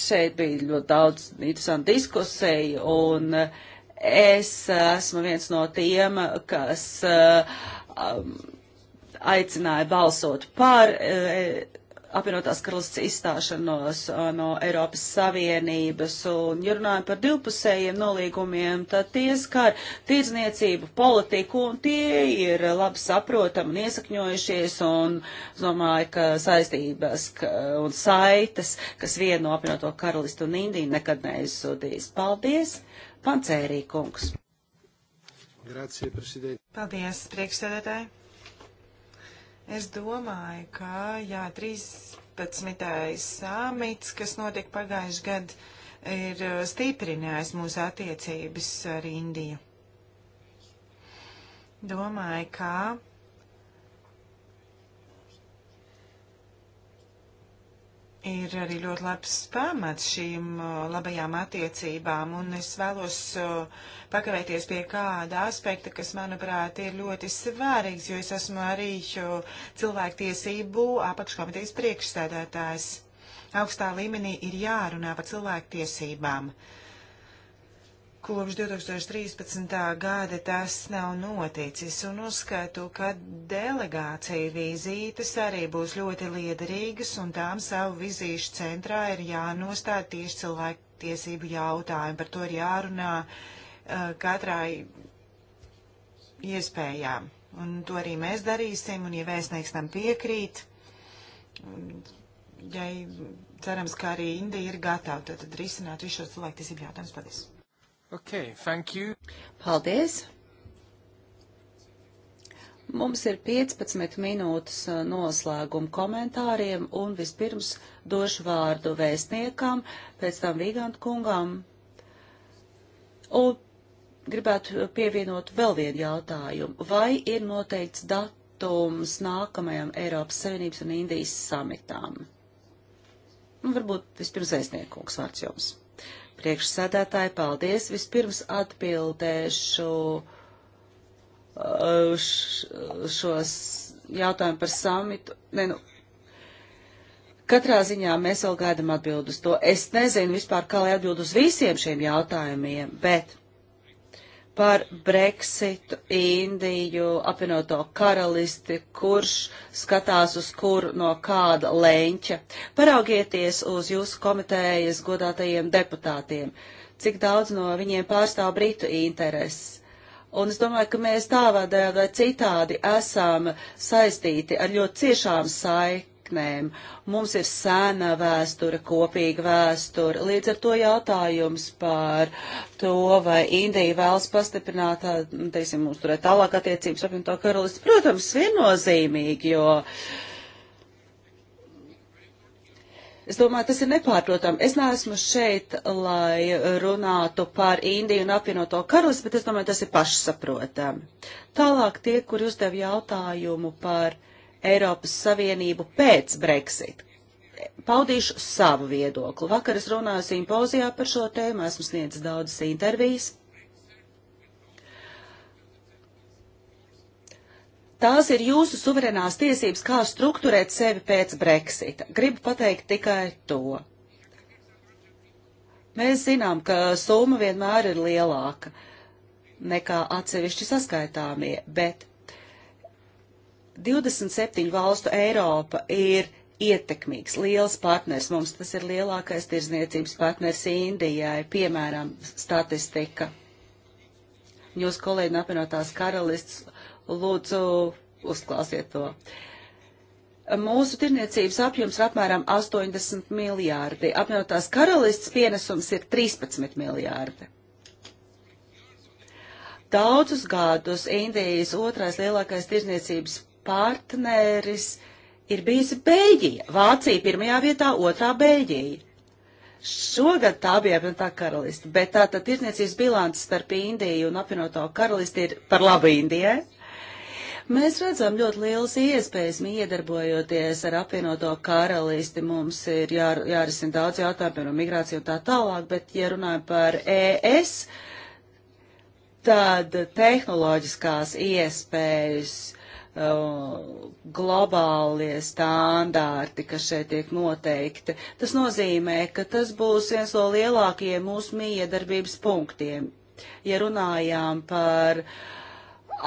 šeit bija ļoti daudz interesantu diskusiju, un es esmu viens no tiem, kas um, aicināja balsot par. Uh, apvienotās karalists izstāšanos uh, no Eiropas Savienības. Un, ja runājam par divpusējiem nolīgumiem, tad tie skar tirdzniecību, politiku, un tie ir labi saprotami un iesakņojušies. Un es domāju, ka saistības ka, un saites, kas vieno apvienoto karalistu un Indiju, nekad neizsudīs. Paldies, Pancērī kungs! Grazie, Paldies, priekšsēdētāji! Es domāju, ka jā, 13. samits, kas notiek pagājuši gadu, ir uh, stiprinājis mūsu attiecības ar Indiju. Domāju, ka ir arī ļoti labs pamats šīm labajām attiecībām, un es vēlos pakavēties pie kāda aspekta, kas, manuprāt, ir ļoti svarīgs, jo es esmu arī cilvēktiesību apakškomitejas priekšsēdētājs. Augstā līmenī ir jārunā par cilvēktiesībām. tiesībām Kopš 2013. gada tas nav noticis, un uzskatu, ka delegācija vizītes arī būs ļoti liederīgas, un tām savu vizīšu centrā ir jānostāda tieši cilvēku tiesību jautājumi. Par to ir jārunā uh, katrai iespējām. Un to arī mēs darīsim, un ja vēstnieks tam piekrīt, ja cerams, ka arī Indija ir gatava tad, tad risināt visu šo cilvēku tiesību jautājumus. Paldies! Okay, thank you. Paldies. Mums ir 15 minūtes uh, noslēguma komentāriem, un vispirms došu vārdu vēstniekam, pēc tam Vīgant kungam. Un gribētu pievienot vēl vienu jautājumu. Vai ir noteikts datums nākamajam Eiropas Savienības un Indijas samitām? Un nu, varbūt vispirms vēstniekungs vārds jums. Priekšsēdētāji, paldies. Vispirms atbildēšu uh, šos jautājumu par samitu. Ne, nu, katrā ziņā mēs vēl gaidām atbildus to. Es nezinu vispār, kā lai atbild uz visiem šiem jautājumiem, bet par Brexitu, Indiju, apvienoto karalisti, kurš skatās uz kuru no kāda leņķa. Paraugieties uz jūsu komitējas godātajiem deputātiem, cik daudz no viņiem pārstāv Britu intereses. Un es domāju, ka mēs tādā vai citādi esam saistīti ar ļoti ciešām saiknēm saknēm. Mums ir sēna vēsture, kopīga vēsture. Līdz ar to jautājums par to, vai Indija vēlas pastiprināt, nu, teiksim, uzturēt tālāk attiecības ar to karalisti, protams, viennozīmīgi, jo. Es domāju, tas ir nepārprotami. Es neesmu šeit, lai runātu par Indiju un apvienoto karalisti, bet es domāju, tas ir pašsaprotami. Tālāk tie, kuri uzdev jautājumu par uh, Eiropas Savienību pēc Brexit. Paudīšu savu viedokli. Vakar es runāju simpozijā par šo tēmu, esmu sniedzis daudzas intervijas. Tās ir jūsu suverenās tiesības, kā strukturēt sevi pēc Brexita. Gribu pateikt tikai to. Mēs zinām, ka summa vienmēr ir lielāka nekā atsevišķi saskaitāmie, bet 27 valstu Eiropa ir ietekmīgs, liels partners. Mums tas ir lielākais tirzniecības partners Indijai, piemēram, statistika. Jūs, kolēģi, apvienotās karalists, lūdzu, uzklausiet to. Mūsu tirniecības apjoms ir apmēram 80 miljārdi. Apvienotās karalists pienesums ir 13 miljārdi. Daudzus gadus Indijas otrais lielākais tirzniecības partners partneris ir bijusi Beļģija. Vācija pirmajā vietā, otrā Beļģija. Šogad tā bija apvienotā karalista, bet tā tad tirdzniecības bilants starp Indiju un apvienoto karalisti ir par labu Indijai. Mēs redzam ļoti lielas iespējas, iedarbojoties ar apvienoto karalisti. Mums ir jā, jārisina daudz jautājumu, piemēram, migrācija un tā tālāk, bet, ja runājam par ES, tad tehnoloģiskās iespējas Uh, globālie standārti, kas šeit tiek noteikti. Tas nozīmē, ka tas būs viens no lielākajiem mūsu miedarbības punktiem. Ja runājām par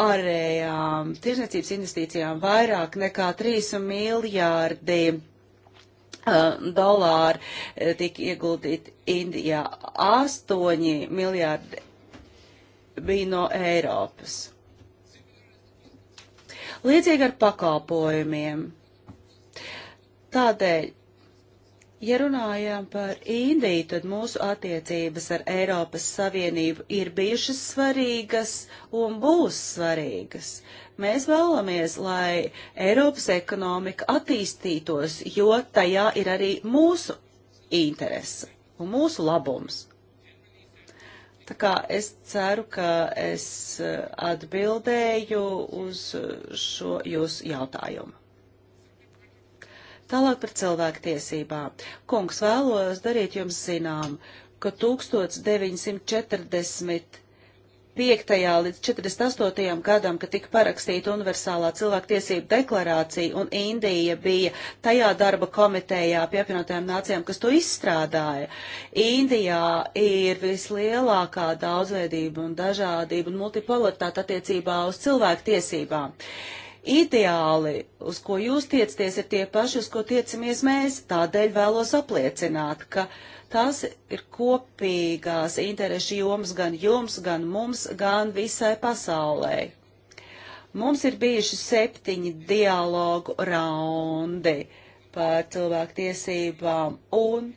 ārējām tirzniecības investīcijām vairāk nekā 3 miljārdi uh, dolāri eh, tika ieguldīti Indijā, 8 miljārdi bija no Eiropas. Līdzīgi ar pakalpojumiem. Tādēļ Ja runājam par Indiju, tad mūsu attiecības ar Eiropas Savienību ir bijušas svarīgas un būs svarīgas. Mēs vēlamies, lai Eiropas ekonomika attīstītos, jo tajā ir arī mūsu interese un mūsu labums. Tā kā es ceru, ka es eh, atbildēju uz eh, šo jūsu jautājumu. Tālāk par cilvēktiesībām. Kungs, vēlos darīt jums zinām, ka 1940. 45. līdz 48. gadam, kad tika parakstīta universālā cilvēktiesība deklarācija, un Indija bija tajā darba komitejā pie apvienotajām nācijām, kas to izstrādāja. Indijā ir vislielākā daudzveidība un dažādība un multipolaritāte attiecībā uz cilvēktiesībām. Ideāli, uz ko jūs tiecaties, ir tie paši, uz ko tiecamies mēs, tādēļ vēlos apliecināt, ka uh, Tās ir kopīgās interešu jomas gan jums, gan mums, gan visai pasaulē. Mums ir bijuši septiņi dialogu raundi par cilvēktiesībām un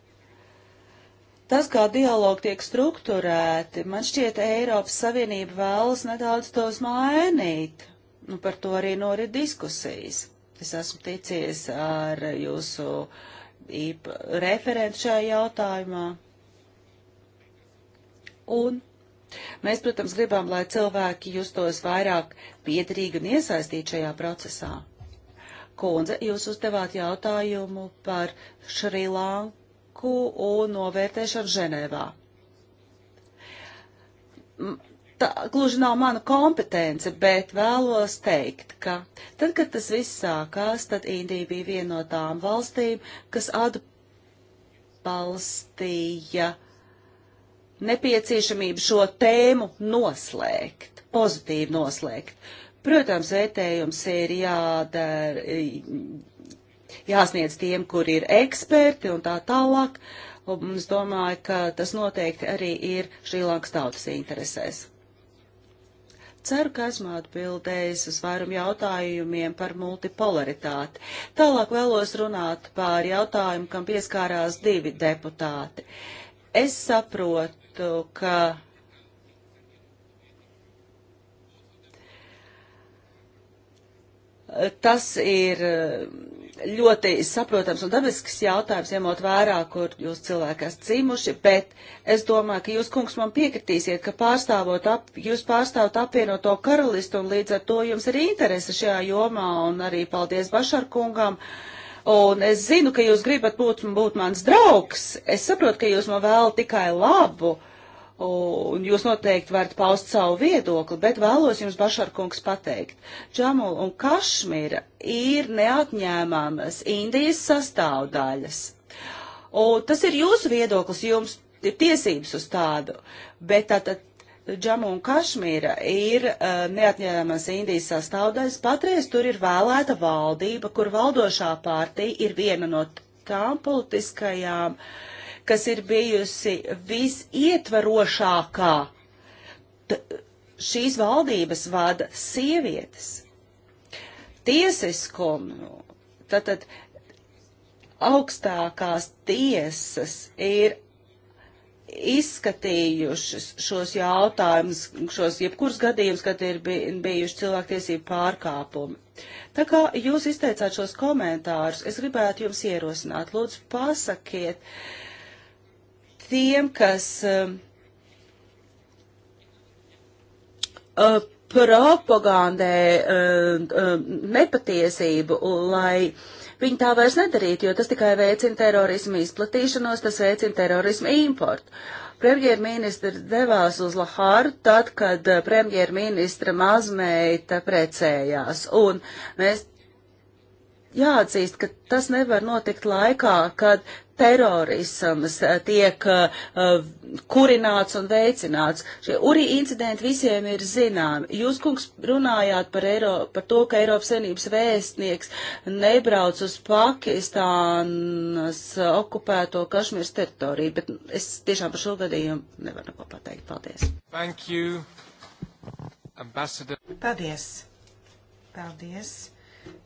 Tas, kā dialogi tiek strukturēti, man šķiet, Eiropas Savienība vēlas nedaudz tos mainīt. Nu, par to arī norit diskusijas. Es esmu ticies ar jūsu uh, referentu šajā jautājumā. Un mēs, protams, gribam, lai cilvēki justos vairāk piedrīgi un iesaistīti šajā procesā. Kundze, jūs uzdevāt jautājumu par Šrilanku un novērtēšanu Ženēvā tā gluži nav mana kompetence, bet vēlos teikt, ka tad, kad tas viss sākās, tad Indija bija viena no tām valstīm, kas atbalstīja nepieciešamību šo tēmu noslēgt, pozitīvi noslēgt. Protams, vērtējums ir jādara, jāsniedz tiem, kur ir eksperti un tā tālāk. Un es domāju, ka tas noteikti arī ir Šrilankas tautas interesēs. Ceru, ka esmu atbildējis uz vairum jautājumiem par multipolaritāti. Tālāk vēlos runāt par jautājumu, kam pieskārās divi deputāti. Es saprotu, ka tas ir ļoti saprotams un dabisks jautājums, ņemot vērā, kur jūs cilvēki esat dzīmuši, bet es domāju, ka jūs, kungs, man piekritīsiet, ka pārstāvot ap, jūs pārstāvot apvienoto karalistu un līdz ar to jums ir interese šajā jomā un arī paldies Bašarkungam. Un es zinu, ka jūs gribat būt, būt mans draugs. Es saprotu, ka jūs man vēl tikai labu. Uh, Un jūs noteikti varat paust savu viedokli, bet vēlos jums, Bašarkungs, pateikt. Džamul un Kašmira ir neatņēmāmas Indijas sastāvdaļas. Un tas ir jūsu viedoklis, jums ir tiesības uz tādu, bet tātad Džamu un Kašmīra ir uh, neatņēmamas Indijas sastāvdaļas. Patreiz tur ir vēlēta valdība, kur valdošā pārtija ir viena no tām politiskajām uh, kas ir bijusi visietvarošākā. Šīs valdības vada sievietes. Tiesiskumu, tātad augstākās tiesas ir izskatījušas šos jautājumus, šos jebkurus gadījumus, kad ir bijuši cilvēktiesību pārkāpumi. Tā kā jūs izteicāt šos komentārus, es gribētu jums ierosināt, lūdzu, pasakiet, uh, tiem, kas um, uh, propagandē uh, nepatiesību, lai viņi tā vairs nedarītu, jo tas tikai veicina terorismu izplatīšanos, tas veicina terorismu importu. Premjerministrs devās uz Lahāru tad, kad uh, premjerministra mazmeita precējās, un mēs jāatzīst, ka tas nevar notikt laikā, kad terorisms eh, tiek uh, kurināts un veicināts. Šie urī incidenti visiem ir zināmi. Jūs, kungs, runājāt par, Eiro, par to, ka Eiropas Savienības vēstnieks nebrauc uz Pakistānas okupēto Kašmiras teritoriju, bet es tiešām par šo gadījumu nevaru neko pateikt. Paldies. Thank you, ambassador. Paldies. Paldies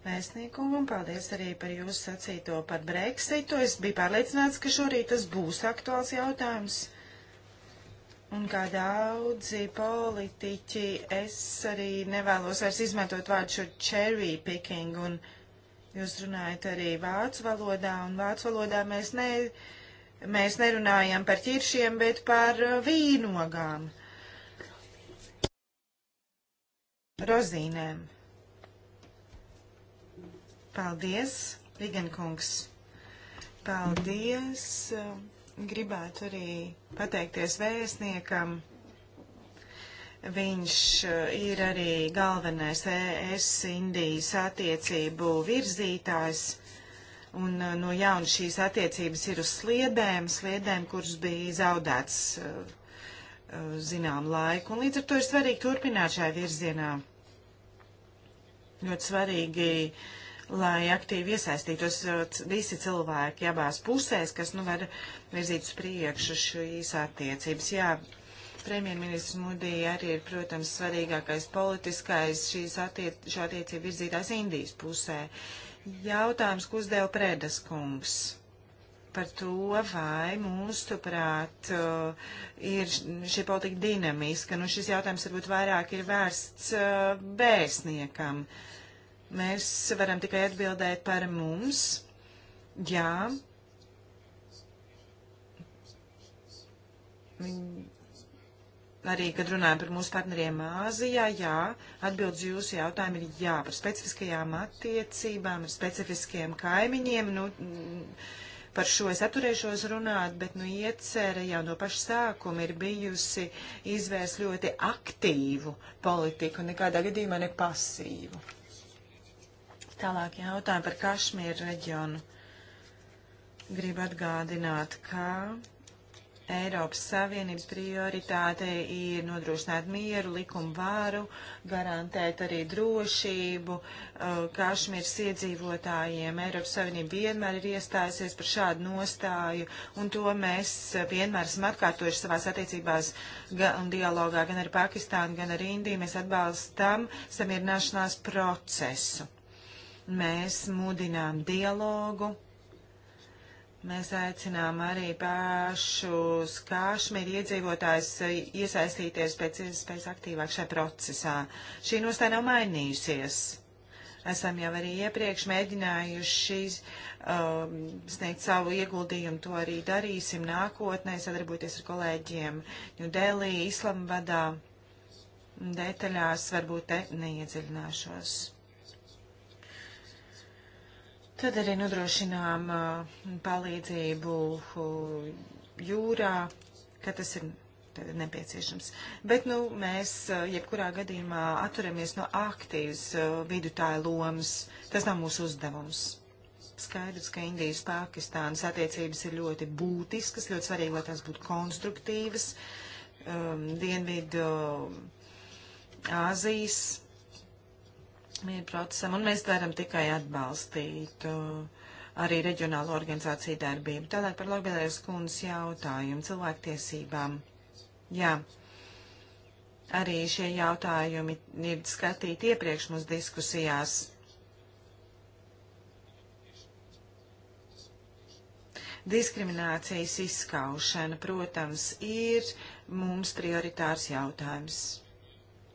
Mēsnīkungam, paldies arī par jūsu sacīto par Brexitu. Es biju pārliecināts, ka šorīt tas būs aktuāls jautājums. Un kā daudzi politiķi, es arī nevēlos vairs izmantot vārdu šo cherry picking, un jūs runājat arī vācu valodā, un vācu valodā mēs, ne, mēs nerunājam par ķiršiem, bet par vīnogām. Rozīnēm. Paldies, Vigenkungs. Paldies. Gribētu arī pateikties vēstniekam. Viņš eh, ir arī galvenais ES Indijas attiecību virzītājs. Un eh, no jauna šīs attiecības ir uz sliedēm, sliedēm, kuras bija zaudēts eh, zinām laiku. Un līdz ar to ir svarīgi turpināt šajā virzienā. Ļoti svarīgi uh, lai aktīvi iesaistītos uh, visi cilvēki abās pusēs, kas nu var virzīt uz priekšu šīs attiecības. Jā, premjerministrs Mudī arī ir, protams, svarīgākais politiskais šīs attiec, šo attiecību virzītājs Indijas pusē. Jautājums, ko uzdeva Predas kungs par to, vai mūsuprāt uh, ir šī politika dinamiska. Nu, šis jautājums varbūt vairāk ir vērsts uh, bēsniekam. Uh, Mēs varam tikai atbildēt par mums. Jā. Arī, kad runājam par mūsu partneriem Āzijā, jā, atbildes jūsu jautājumu ir jā, par specifiskajām attiecībām, ar specifiskiem kaimiņiem. Nu, par šo es atturēšos runāt, bet nu, iecerē jau no paša sākuma ir bijusi izvērst ļoti aktīvu politiku, nekādā gadījumā ne pasīvu. Tālāk jautājumi par Kašmīru reģionu. Gribu atgādināt, ka Eiropas Savienības prioritāte ir nodrošināt mieru, likumu vāru, garantēt arī drošību uh, Kašmīras iedzīvotājiem. Eiropas Savienība vienmēr ir iestājusies par šādu nostāju, un to mēs vienmēr esam atkārtojuši savās attiecībās gan dialogā, gan ar Pakistānu, gan ar Indiju. Mēs atbalstam samierināšanās procesu. Mēs mudinām dialogu, Mēs aicinām arī pašus Kašmīra iedzīvotājus iesaistīties pēc iespējas aktīvāk šajā procesā. Šī nostāja nav mainījusies. Esam jau arī iepriekš mēģinājuši uh, sniegt savu ieguldījumu, to arī darīsim nākotnē, sadarboties ar kolēģiem Ņudelī, Islamvadā. Detaļās varbūt te neiedziļināšos. Tad arī nodrošinām uh, palīdzību uh, jūrā, kad tas ir nepieciešams. Bet, nu, mēs uh, jebkurā gadījumā atturamies no aktīvas vidutāja lomas. Tas nav mūsu uzdevums skaidrs, ka Indijas Pakistānas attiecības ir ļoti būtiskas, ļoti svarīgi, lai tās būtu konstruktīvas. Um, Dienvidu Āzijas mieru procesam, un mēs varam tikai atbalstīt uh, arī reģionālo organizāciju darbību. Tālāk par Logbelēras kundas jautājumu cilvēktiesībām. Jā, arī šie jautājumi ir skatīti iepriekš mums diskusijās. Diskriminācijas izskaušana, protams, ir mums prioritārs jautājums.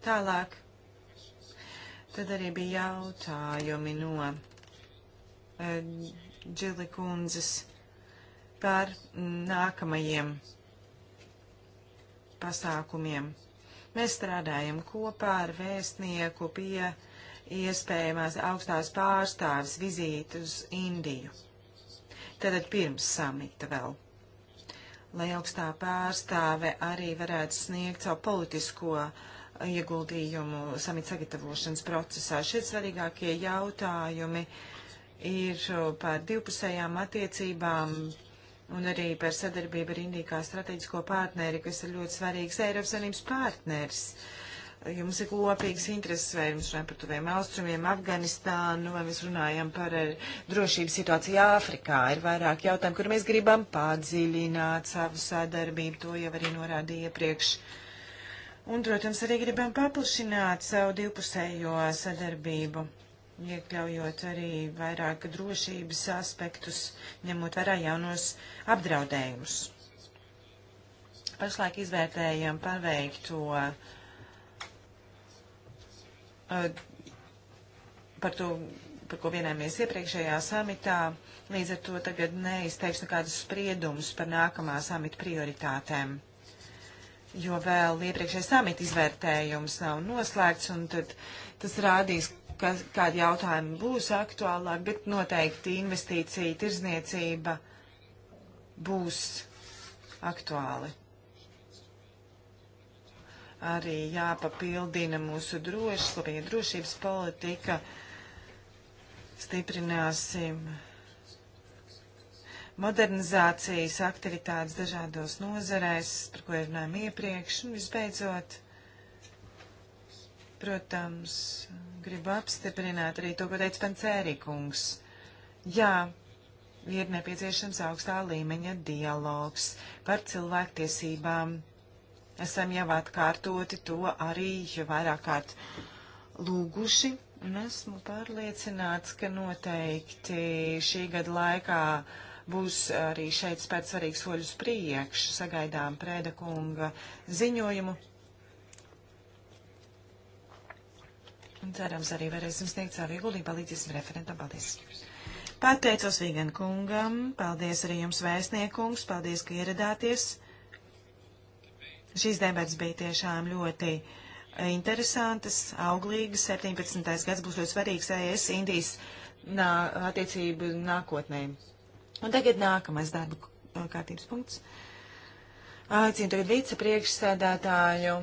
Tālāk Tad arī bija jautājumi no eh, Džili uh, kundzes par nākamajiem pasākumiem. Mēs strādājam kopā ar vēstnieku pie iespējamās augstās pārstāvis vizīti uz Indiju. Tātad pirms samita vēl lai augstā pārstāve arī varētu sniegt savu politisko ieguldījumu samita sagatavošanas procesā. Šie svarīgākie jautājumi ir par divpusējām attiecībām un arī par sadarbību ar Indiju kā strateģisko partneri, kas ir ļoti svarīgs Eiropas Savienības partners. Uh, jums ir kopīgs intereses, vai mēs runājam par tuviem austrumiem, Afganistānu, vai mēs runājam par eh, drošības situāciju Āfrikā. Ir vairāk jautājumu, kur mēs gribam padziļināt savu sadarbību, to jau arī norādīja iepriekš. Un, protams, arī gribam paplašināt savu divpusējo sadarbību, iekļaujot arī vairāk drošības aspektus, ņemot vērā jaunos apdraudējumus. Pašlaik izvērtējam paveikto uh, par to, par ko vienāmies iepriekšējā samitā. Līdz ar to tagad neizteiks nekādus spriedumus par nākamā samita prioritātēm, jo vēl iepriekšējais samita izvērtējums nav noslēgts, un tad tas rādīs, ka, kādi jautājumi būs aktuālāk, bet noteikti investīcija, tirzniecība būs aktuāli arī jāpapildina mūsu drošs, labie drošības politika. Stiprināsim modernizācijas aktivitātes dažādos nozarēs, par ko runājam iepriekš, un visbeidzot, protams, gribu apstiprināt arī to, ko teica Pancērikungs. Jā, ir nepieciešams augstā līmeņa dialogs par cilvēktiesībām esam jau atkārtoti to arī vairāk kārt lūguši. Un esmu pārliecināts, ka noteikti šī gada laikā būs arī šeit spērt svarīgs soļus priekšu. Sagaidām Prēda kunga ziņojumu. Un cerams arī varēsim sniegt savu ieguldību, palīdzēsim referentam. Paldies! Pateicos Vīgan kungam, paldies arī jums vēstniekungs, paldies, ka ieradāties! Šīs debats bija tiešām ļoti interesantas, auglīgas. 17. gads būs ļoti svarīgs ES Indijas nā, attiecību nākotnē. Un tagad nākamais darba kārtības punkts. Aicinu tagad vicepriekšsēdētāju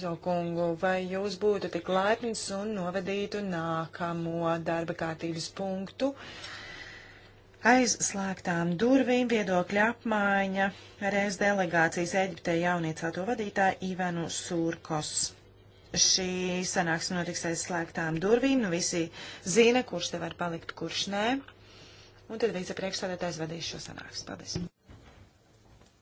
Zokungu, vai jūs būtu tik laipns un novedītu nākamo darba kārtības punktu. Uh, aizslēgtām durvīm viedokļa apmaiņa ar ES delegācijas Eģiptē jauniecāto vadītāju Ivanu Sūrkos. Šī sanāksme notiks aizslēgtām durvīm, nu visi zina, kurš te var palikt, kurš nē. Un tad vicepriekšstādātājs vadīs šo sanāksmi. Paldies!